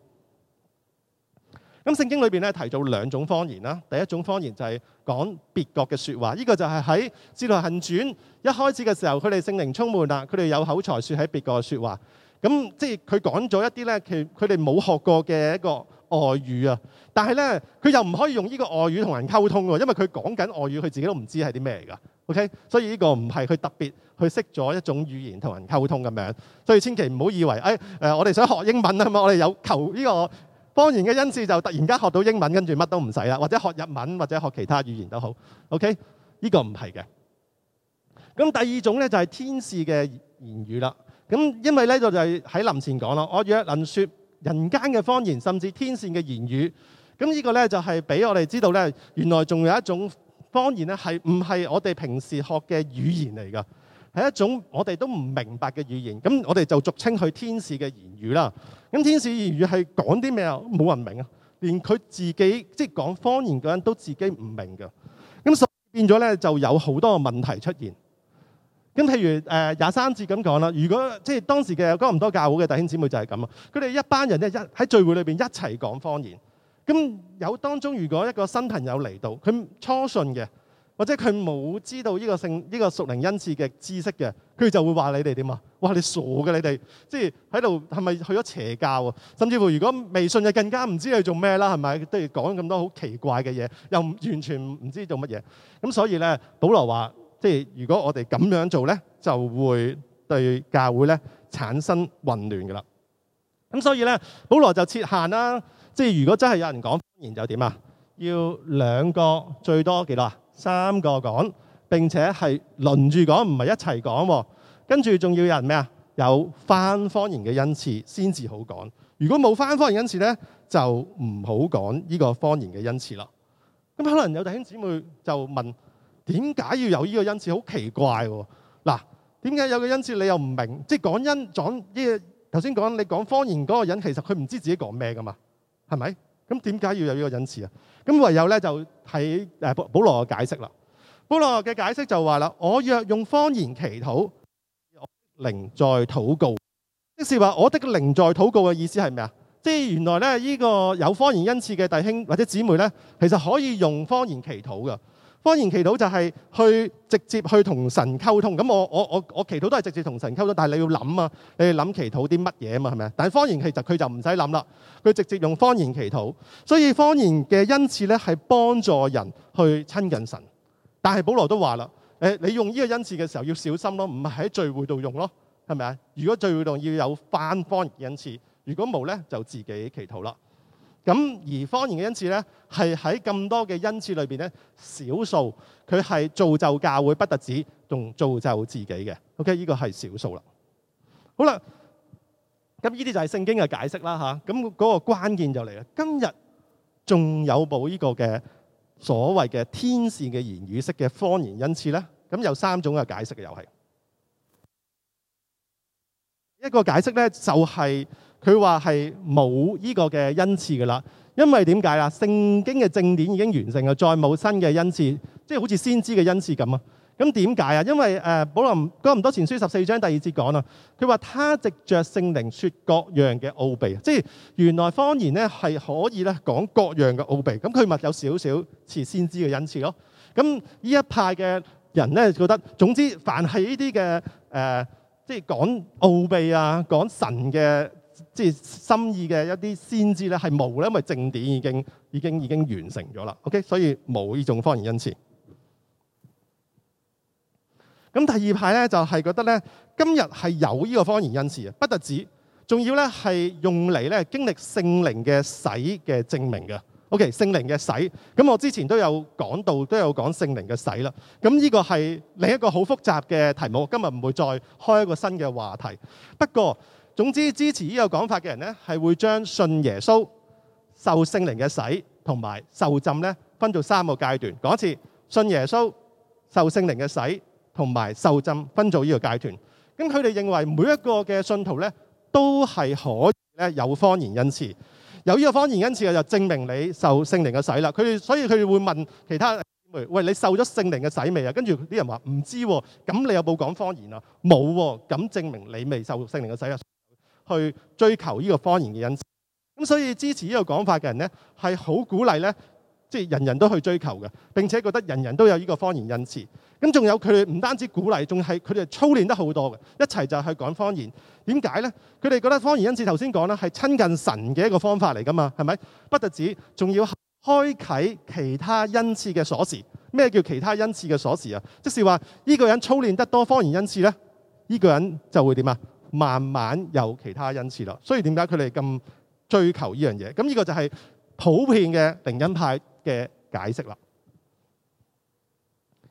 咁聖經裏面咧提到兩種方言啦、啊，第一種方言就係講別國嘅說話，呢、這個就係喺《使徒行傳》一開始嘅時候，佢哋聖靈充滿啦，佢哋有口才，說起別國嘅說話。咁即係佢講咗一啲咧，佢佢哋冇學過嘅一個外語啊。但係咧，佢又唔可以用呢個外語同人溝通喎、啊，因為佢講緊外語，佢自己都唔知係啲咩嚟噶。OK，所以呢個唔係佢特別去識咗一種語言同人溝通咁樣，所以千祈唔好以為誒、哎呃、我哋想學英文啊嘛，我哋有求呢、這個。方言嘅恩賜就突然間學到英文，跟住乜都唔使啦，或者學日文，或者學其他語言都好。OK，呢個唔係嘅。咁第二種呢，就係天使嘅言語啦。咁因為呢度就係喺林前講啦，我若能説人間嘅方言，甚至天使嘅言語，咁呢個呢，就係俾我哋知道呢，原來仲有一種方言呢，係唔係我哋平時學嘅語言嚟㗎。係一種我哋都唔明白嘅語言，咁我哋就俗稱佢天使嘅言語啦。咁天使言語係講啲咩啊？冇人明啊！連佢自己即係講方言嘅人都自己唔明㗎。咁所以變咗咧，就有好多問題出現。咁譬如誒廿三節咁講啦，如果即係當時嘅哥林多教會嘅弟兄姊妹就係咁啊，佢哋一班人咧，一喺聚會裏面一齊講方言。咁有當中如果一個新朋友嚟到，佢初信嘅。或者佢冇知道呢個聖呢個屬靈恩賜嘅知識嘅，佢就會話你哋點啊？哇！你傻嘅你哋，即係喺度係咪去咗邪教啊？甚至乎如果未信就更加唔知去做咩啦，係咪都係講咁多好奇怪嘅嘢，又完全唔知做乜嘢咁？所以咧，保羅話即係如果我哋咁樣做咧，就會對教會咧產生混亂嘅啦。咁所以咧，保羅就設限啦，即係如果真係有人講方言就點啊？要兩個最多幾多啊？三個講，並且係輪住講，唔係一齊講喎。跟住仲要有人咩啊？有翻方言嘅恩賜先至好講。如果冇翻方言的恩賜呢，就唔好講呢個方言嘅恩賜啦。咁可能有弟兄姊妹就問：點解要有呢個恩賜？好奇怪喎！嗱，點解有個恩賜你又唔明？即係講恩講呢個頭先講你講方言嗰個人，其實佢唔知道自己講咩噶嘛，係咪？咁點解要有呢個恩賜啊？咁唯有咧就睇誒保羅嘅解釋啦。保羅嘅解釋就話啦：我若用方言祈禱，我靈在禱告，即是話我的靈在禱告嘅意思係咩啊？即係原來咧呢、呢個有方言恩賜嘅弟兄或者姊妹咧，其實可以用方言祈禱㗎。方言祈禱就係去直接去同神溝通，咁我我我我祈禱都係直接同神溝通，但係你要諗啊，你諗祈禱啲乜嘢啊嘛，係咪啊？但係方言其實佢就唔使諗啦，佢直接用方言祈禱，所以方言嘅恩賜咧係幫助人去親近神。但係保羅都話啦，誒你用呢個恩賜嘅時候要小心咯，唔係喺聚會度用咯，係咪啊？如果聚會度要有翻方言恩賜，如果冇咧就自己祈禱啦。咁而方言嘅恩賜咧，係喺咁多嘅恩賜裏邊咧，少數佢係造就教會不止，不特止仲造就自己嘅。OK，呢個係少數啦。好啦，咁呢啲就係聖經嘅解釋啦。吓，咁嗰個關鍵就嚟啦。今日仲有冇呢個嘅所謂嘅天使嘅言語式嘅方言恩賜咧？咁有三種嘅解釋嘅，又係一個解釋咧，就係、是。佢話係冇呢個嘅恩賜噶啦，因為點解啦？聖經嘅正典已經完成啦，再冇新嘅恩賜，即係好似先知嘅恩賜咁啊。咁點解啊？因為誒，保羅講，哥林多前書十四章第二節講啦，佢話他藉着聖靈説各樣嘅奧秘，即係原來方言咧係可以咧講各樣嘅奧秘。咁佢咪有少少似先知嘅恩賜咯？咁呢一派嘅人咧覺得，總之凡係呢啲嘅誒，即係講奧秘啊，講神嘅。心意嘅一啲先知咧，係冇啦，因為正典已經已經已經完成咗啦。OK，所以冇呢種方言恩賜。咁第二派咧，就係、是、覺得咧，今日係有呢個方言恩賜啊，不得止，仲要咧係用嚟咧經歷聖靈嘅洗嘅證明嘅。OK，聖靈嘅洗。咁我之前都有講到，都有講聖靈嘅洗啦。咁呢個係另一個好複雜嘅題目，我今日唔會再開一個新嘅話題。不過，總之，支持呢個講法嘅人咧，係會將信耶穌受聖靈嘅洗同埋受浸咧分做三個階段。講一次，信耶穌受聖靈嘅洗同埋受浸分做呢個階段。咁佢哋認為每一個嘅信徒咧都係可以有方言恩賜，有呢個方言恩賜嘅就證明你受聖靈嘅洗啦。佢所以佢哋會問其他姊妹：喂，你受咗聖靈嘅洗未啊？跟住啲人話唔知喎，咁你有冇講方言啊？冇喎，咁證明你未受聖靈嘅洗啊？去追求呢個方言嘅恩賜，咁所以支持呢個講法嘅人呢，係好鼓勵呢，即係人人都去追求嘅。並且覺得人人都有呢個方言恩賜。咁仲有佢哋唔單止鼓勵，仲係佢哋操練得好多嘅，一齊就係講方言。點解呢？佢哋覺得方言恩賜頭先講啦，係親近神嘅一個方法嚟㗎嘛，係咪？不特止，仲要開啓其他恩賜嘅鎖匙。咩叫其他恩賜嘅鎖匙啊？即是話，呢個人操練得多方言恩賜呢，呢、呢個人就會點啊？慢慢有其他恩賜啦，所以點解佢哋咁追求呢樣嘢？咁、這、呢個就係普遍嘅靈恩派嘅解釋啦。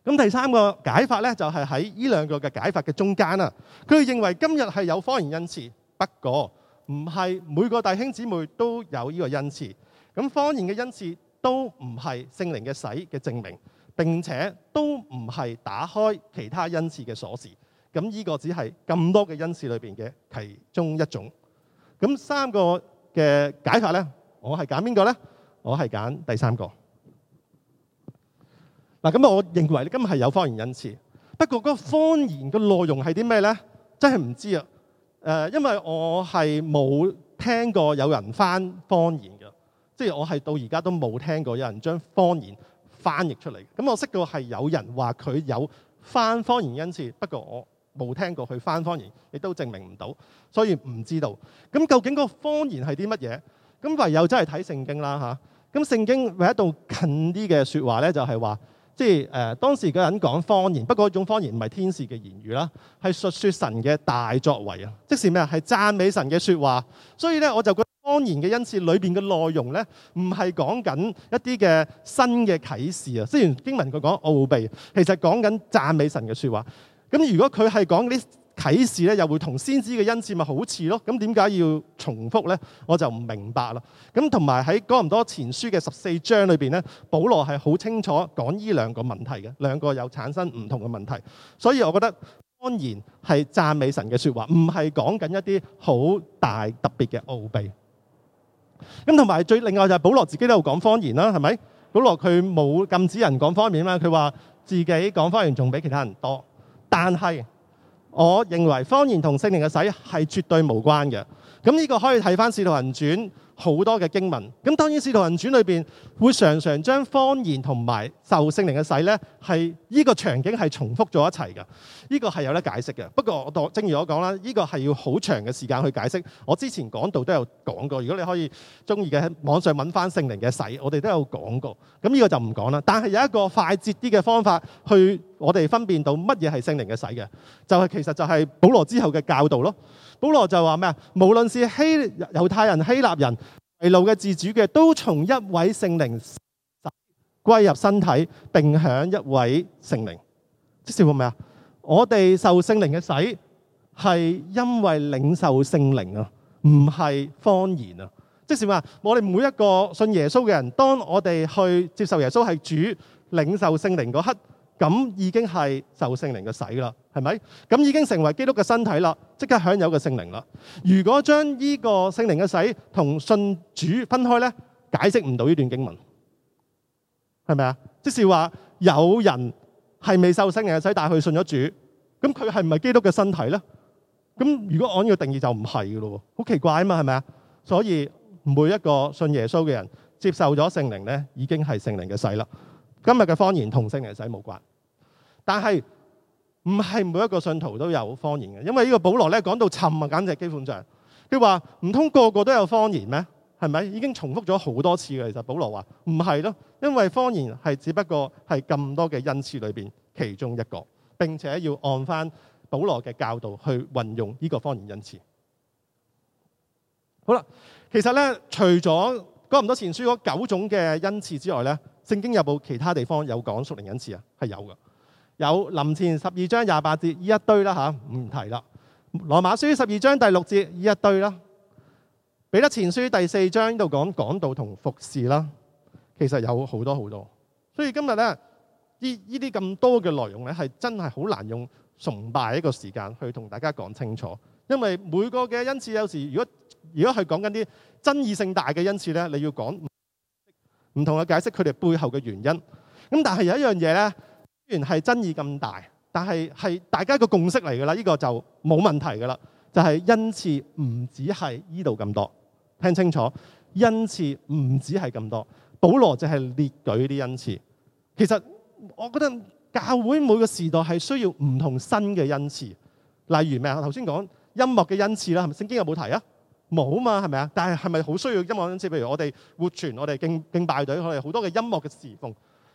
咁第三個解法咧，就係喺呢兩個嘅解法嘅中間啦。佢哋認為今日係有方言恩賜，不過唔係每個弟兄姊妹都有呢個恩賜。咁方言嘅恩賜都唔係聖靈嘅洗嘅證明，並且都唔係打開其他恩賜嘅鎖匙。咁呢個只係咁多嘅恩賜裏面嘅其中一種。咁三個嘅解法咧，我係揀邊個咧？我係揀第三個。嗱，咁啊，我認為今日係有方言恩賜，不過嗰方言嘅內容係啲咩咧？真係唔知啊，呃，因為我係冇聽過有人翻方言嘅，即係我係到而家都冇聽過有人將方言翻譯出嚟。咁我識到係有人話佢有翻方言恩賜，不過我。冇聽過去翻方言，亦都證明唔到，所以唔知道。咁究竟嗰個方言係啲乜嘢？咁唯有真係睇聖經啦吓，咁聖經喺一道近啲嘅說話呢，就係、是、話，即係當、呃、當時嘅人講方言，不過種方言唔係天使嘅言語啦，係述說神嘅大作為啊，即是咩係讚美神嘅說話。所以呢，我就覺得方言嘅恩賜裏面嘅內容呢，唔係講緊一啲嘅新嘅啟示啊。雖然經文佢講奧秘，其實講緊讚美神嘅說話。咁如果佢係講啲啟示咧，又會同先知嘅恩賜咪好似咯？咁點解要重複咧？我就唔明白啦。咁同埋喺哥林多前書嘅十四章裏面，咧，保羅係好清楚講呢兩個問題嘅兩個有產生唔同嘅問題，所以我覺得方言係讚美神嘅説話，唔係講緊一啲好大特別嘅奧秘。咁同埋最另外就係保羅自己喺度講方言啦，係咪？保羅佢冇禁止人講方言啦，佢話自己講方言仲比其他人多。但係，我認為方言同聖靈嘅洗係絕對無關嘅。咁呢個可以睇返《使徒行傳》。好多嘅經文，咁當然《使徒行傳》裏邊會常常將方言同埋受聖靈嘅洗呢，係呢個場景係重複咗一齊嘅，呢、這個係有得解釋嘅。不過我正如我講啦，呢、這個係要好長嘅時間去解釋。我之前講到都有講過，如果你可以鍾意嘅喺網上揾翻聖靈嘅洗，我哋都有講過。咁呢個就唔講啦。但係有一個快捷啲嘅方法去我哋分辨到乜嘢係聖靈嘅洗嘅，就係、是、其實就係保羅之後嘅教導咯。保羅就話咩啊？無論是希猶太人、希臘人、為奴嘅、自主嘅，都從一位聖靈歸入身體，並享一位聖靈。即係話咩啊？我哋受聖靈嘅洗，係因為領受聖靈啊，唔係方言啊。即係話，我哋每一個信耶穌嘅人，當我哋去接受耶穌係主，領受聖靈嗰刻，咁已經係受聖靈嘅洗啦，係咪？咁已經成為基督嘅身體啦，即刻享有嘅聖靈啦。如果將呢個聖靈嘅洗同信主分開咧，解釋唔到呢段經文，係咪啊？即是話有人係未受聖靈嘅洗，但係佢信咗主，咁佢係唔係基督嘅身體咧？咁如果按呢個定義就唔係嘅咯，好奇怪啊嘛，係咪啊？所以每一個信耶穌嘅人接受咗聖靈咧，已經係聖靈嘅洗啦。今日嘅方言同聖人仔冇關，但係唔係每一個信徒都有方言嘅？因為呢個保羅咧講到沉啊，簡直基本上，佢話唔通個個都有方言咩？係咪已經重複咗好多次嘅？其實保羅話唔係咯，因為方言係只不過係咁多嘅恩賜裏邊其中一個，並且要按翻保羅嘅教導去運用呢個方言恩賜。好啦，其實咧除咗哥林多前書嗰九種嘅恩賜之外咧。聖經有冇其他地方有講屬靈恩賜啊？係有嘅，有林前十二章廿八節依一堆啦吓，唔提啦。羅馬書十二章第六節依一堆啦，彼得前書第四章度講講道同服侍啦，其實有好多好多。所以今日呢，呢啲咁多嘅內容呢，係真係好難用崇拜一個時間去同大家講清楚，因為每個嘅恩賜有時，如果如果係講緊啲爭議性大嘅恩賜呢，你要講唔同嘅解釋，佢哋背後嘅原因。咁但係有一樣嘢呢，雖然係爭議咁大，但係係大家個共識嚟㗎啦。呢個就冇問題㗎啦。就係恩賜唔只係呢度咁多，聽清楚。恩賜唔只係咁多。保羅就係列舉啲恩賜。其實我覺得教會每個時代係需要唔同新嘅恩賜，例如咩啊？頭先講音樂嘅恩賜啦，係咪？聖經有冇提啊？冇嘛，係咪啊？但係係咪好需要音樂恩賜，譬如我哋活傳，我哋敬敬拜隊，我哋好多嘅音樂嘅侍奉，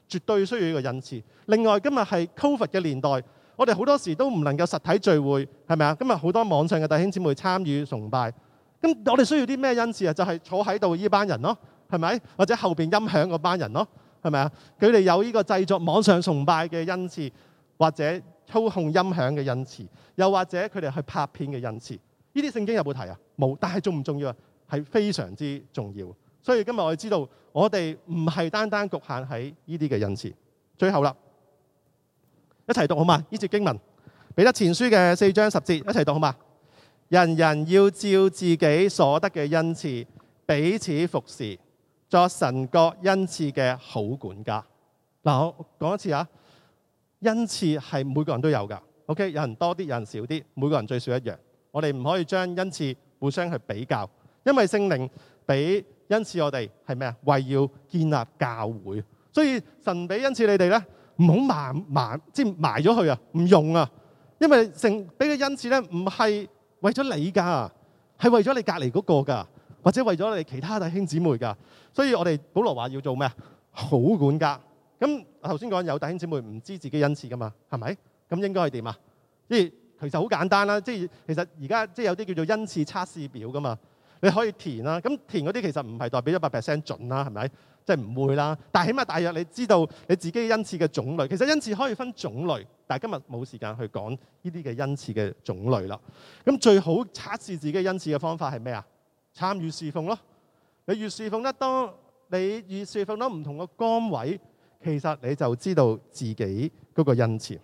絕對需要呢個恩賜。另外今日係 Covid 嘅年代，我哋好多時都唔能夠實體聚會，係咪啊？今日好多網上嘅弟兄姊妹參與崇拜，咁我哋需要啲咩恩賜啊？就係、是、坐喺度呢班人咯，係咪？或者後面音響嗰班人咯，係咪啊？佢哋有呢個製作網上崇拜嘅恩賜，或者操控音響嘅恩賜，又或者佢哋去拍片嘅恩賜。呢啲聖經有冇提啊？冇，但係重唔重要啊？係非常之重要。所以今日我哋知道，我哋唔係單單局限喺呢啲嘅恩賜。最後啦，一齊讀好嘛？呢節經文彼得前書嘅四章十節一齊讀好嘛？人人要照自己所得嘅恩賜彼此服侍，作神各恩賜嘅好管家。嗱，我講一次啊，恩賜係每個人都有㗎。OK，有人多啲，有人少啲，每個人最少一樣。我哋唔可以將恩賜互相去比較，因為聖靈俾恩賜我哋係咩啊？為要建立教會，所以神俾恩賜你哋咧，唔好埋埋，即埋咗佢啊，唔用啊！因為聖靈俾嘅恩賜咧，唔係為咗你噶，係為咗你隔離嗰個噶，或者為咗你其他弟兄姊妹噶。所以我哋保羅話要做咩啊？好管家。咁頭先講有弟兄姊妹唔知自己恩賜噶嘛，係咪？咁應該係點啊？即其實好簡單啦，即係其實而家即係有啲叫做恩賜測試表㗎嘛，你可以填啦。咁填嗰啲其實唔係代表一百 percent 準啦，係咪？即係唔會啦。但係起碼大約你知道你自己恩賜嘅種類。其實恩賜可以分種類，但係今日冇時間去講呢啲嘅恩賜嘅種類啦。咁最好測試自己恩賜嘅方法係咩啊？參與侍奉咯。你越侍奉得多，你越侍奉到唔同嘅崗位，其實你就知道自己嗰個恩賜。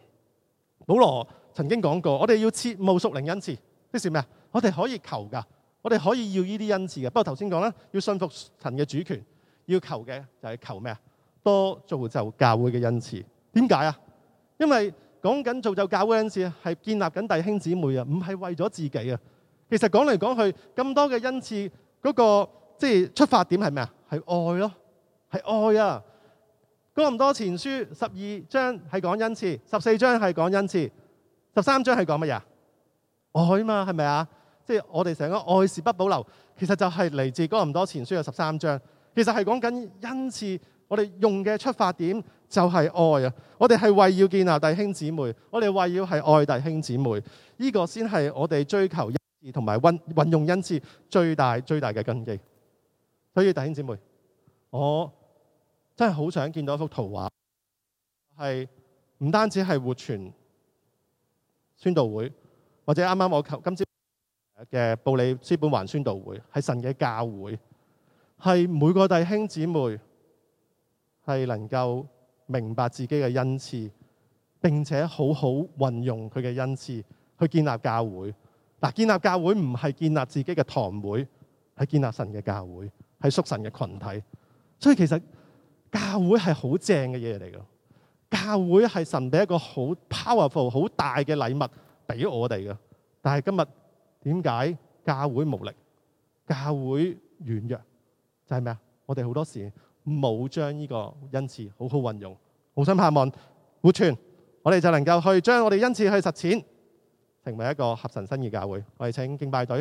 保羅曾經講過，我哋要切慕屬靈恩賜，即是咩啊？我哋可以求噶，我哋可以要呢啲恩賜嘅。不過頭先講啦，要信服神嘅主權，要求嘅就係求咩啊？多造就教會嘅恩賜。點解啊？因為講緊造就教會嘅恩賜，係建立緊弟兄姊妹啊，唔係為咗自己啊。其實講嚟講去咁多嘅恩賜，嗰個即係出發點係咩啊？係愛咯，係愛啊！哥林多前書十二章係講恩賜，十四章係講恩賜。十三章係講乜嘢？愛嘛，係咪啊？即係我哋成個愛是不保留，其實就係嚟自《哥林多前書》嘅十三章。其實係講緊恩賜，我哋用嘅出發點就係愛啊！我哋係為要建立弟兄姊妹，我哋為要係愛弟兄姊妹，呢個先係我哋追求恩賜同埋運運用恩賜最大最大嘅根基。所以弟兄姊妹，我真係好想見到一幅圖畫，係唔單止係活存。宣道會，或者啱啱我求今朝嘅布里斯本環宣道會，係神嘅教會，係每個弟兄姊妹係能夠明白自己嘅恩賜，並且好好運用佢嘅恩賜去建立教會。嗱，建立教會唔係建立自己嘅堂會，係建立神嘅教會，係屬神嘅群體。所以其實教會係好正嘅嘢嚟㗎。教會係神俾一個好 powerful、好大嘅禮物俾我哋嘅。但係今日點解教會無力、教會軟弱？就係咩啊？我哋好多時冇將呢個恩賜好好運用，好心盼望活泉，我哋就能夠去將我哋恩賜去實踐，成為一個合神心意教會。我哋請敬拜隊。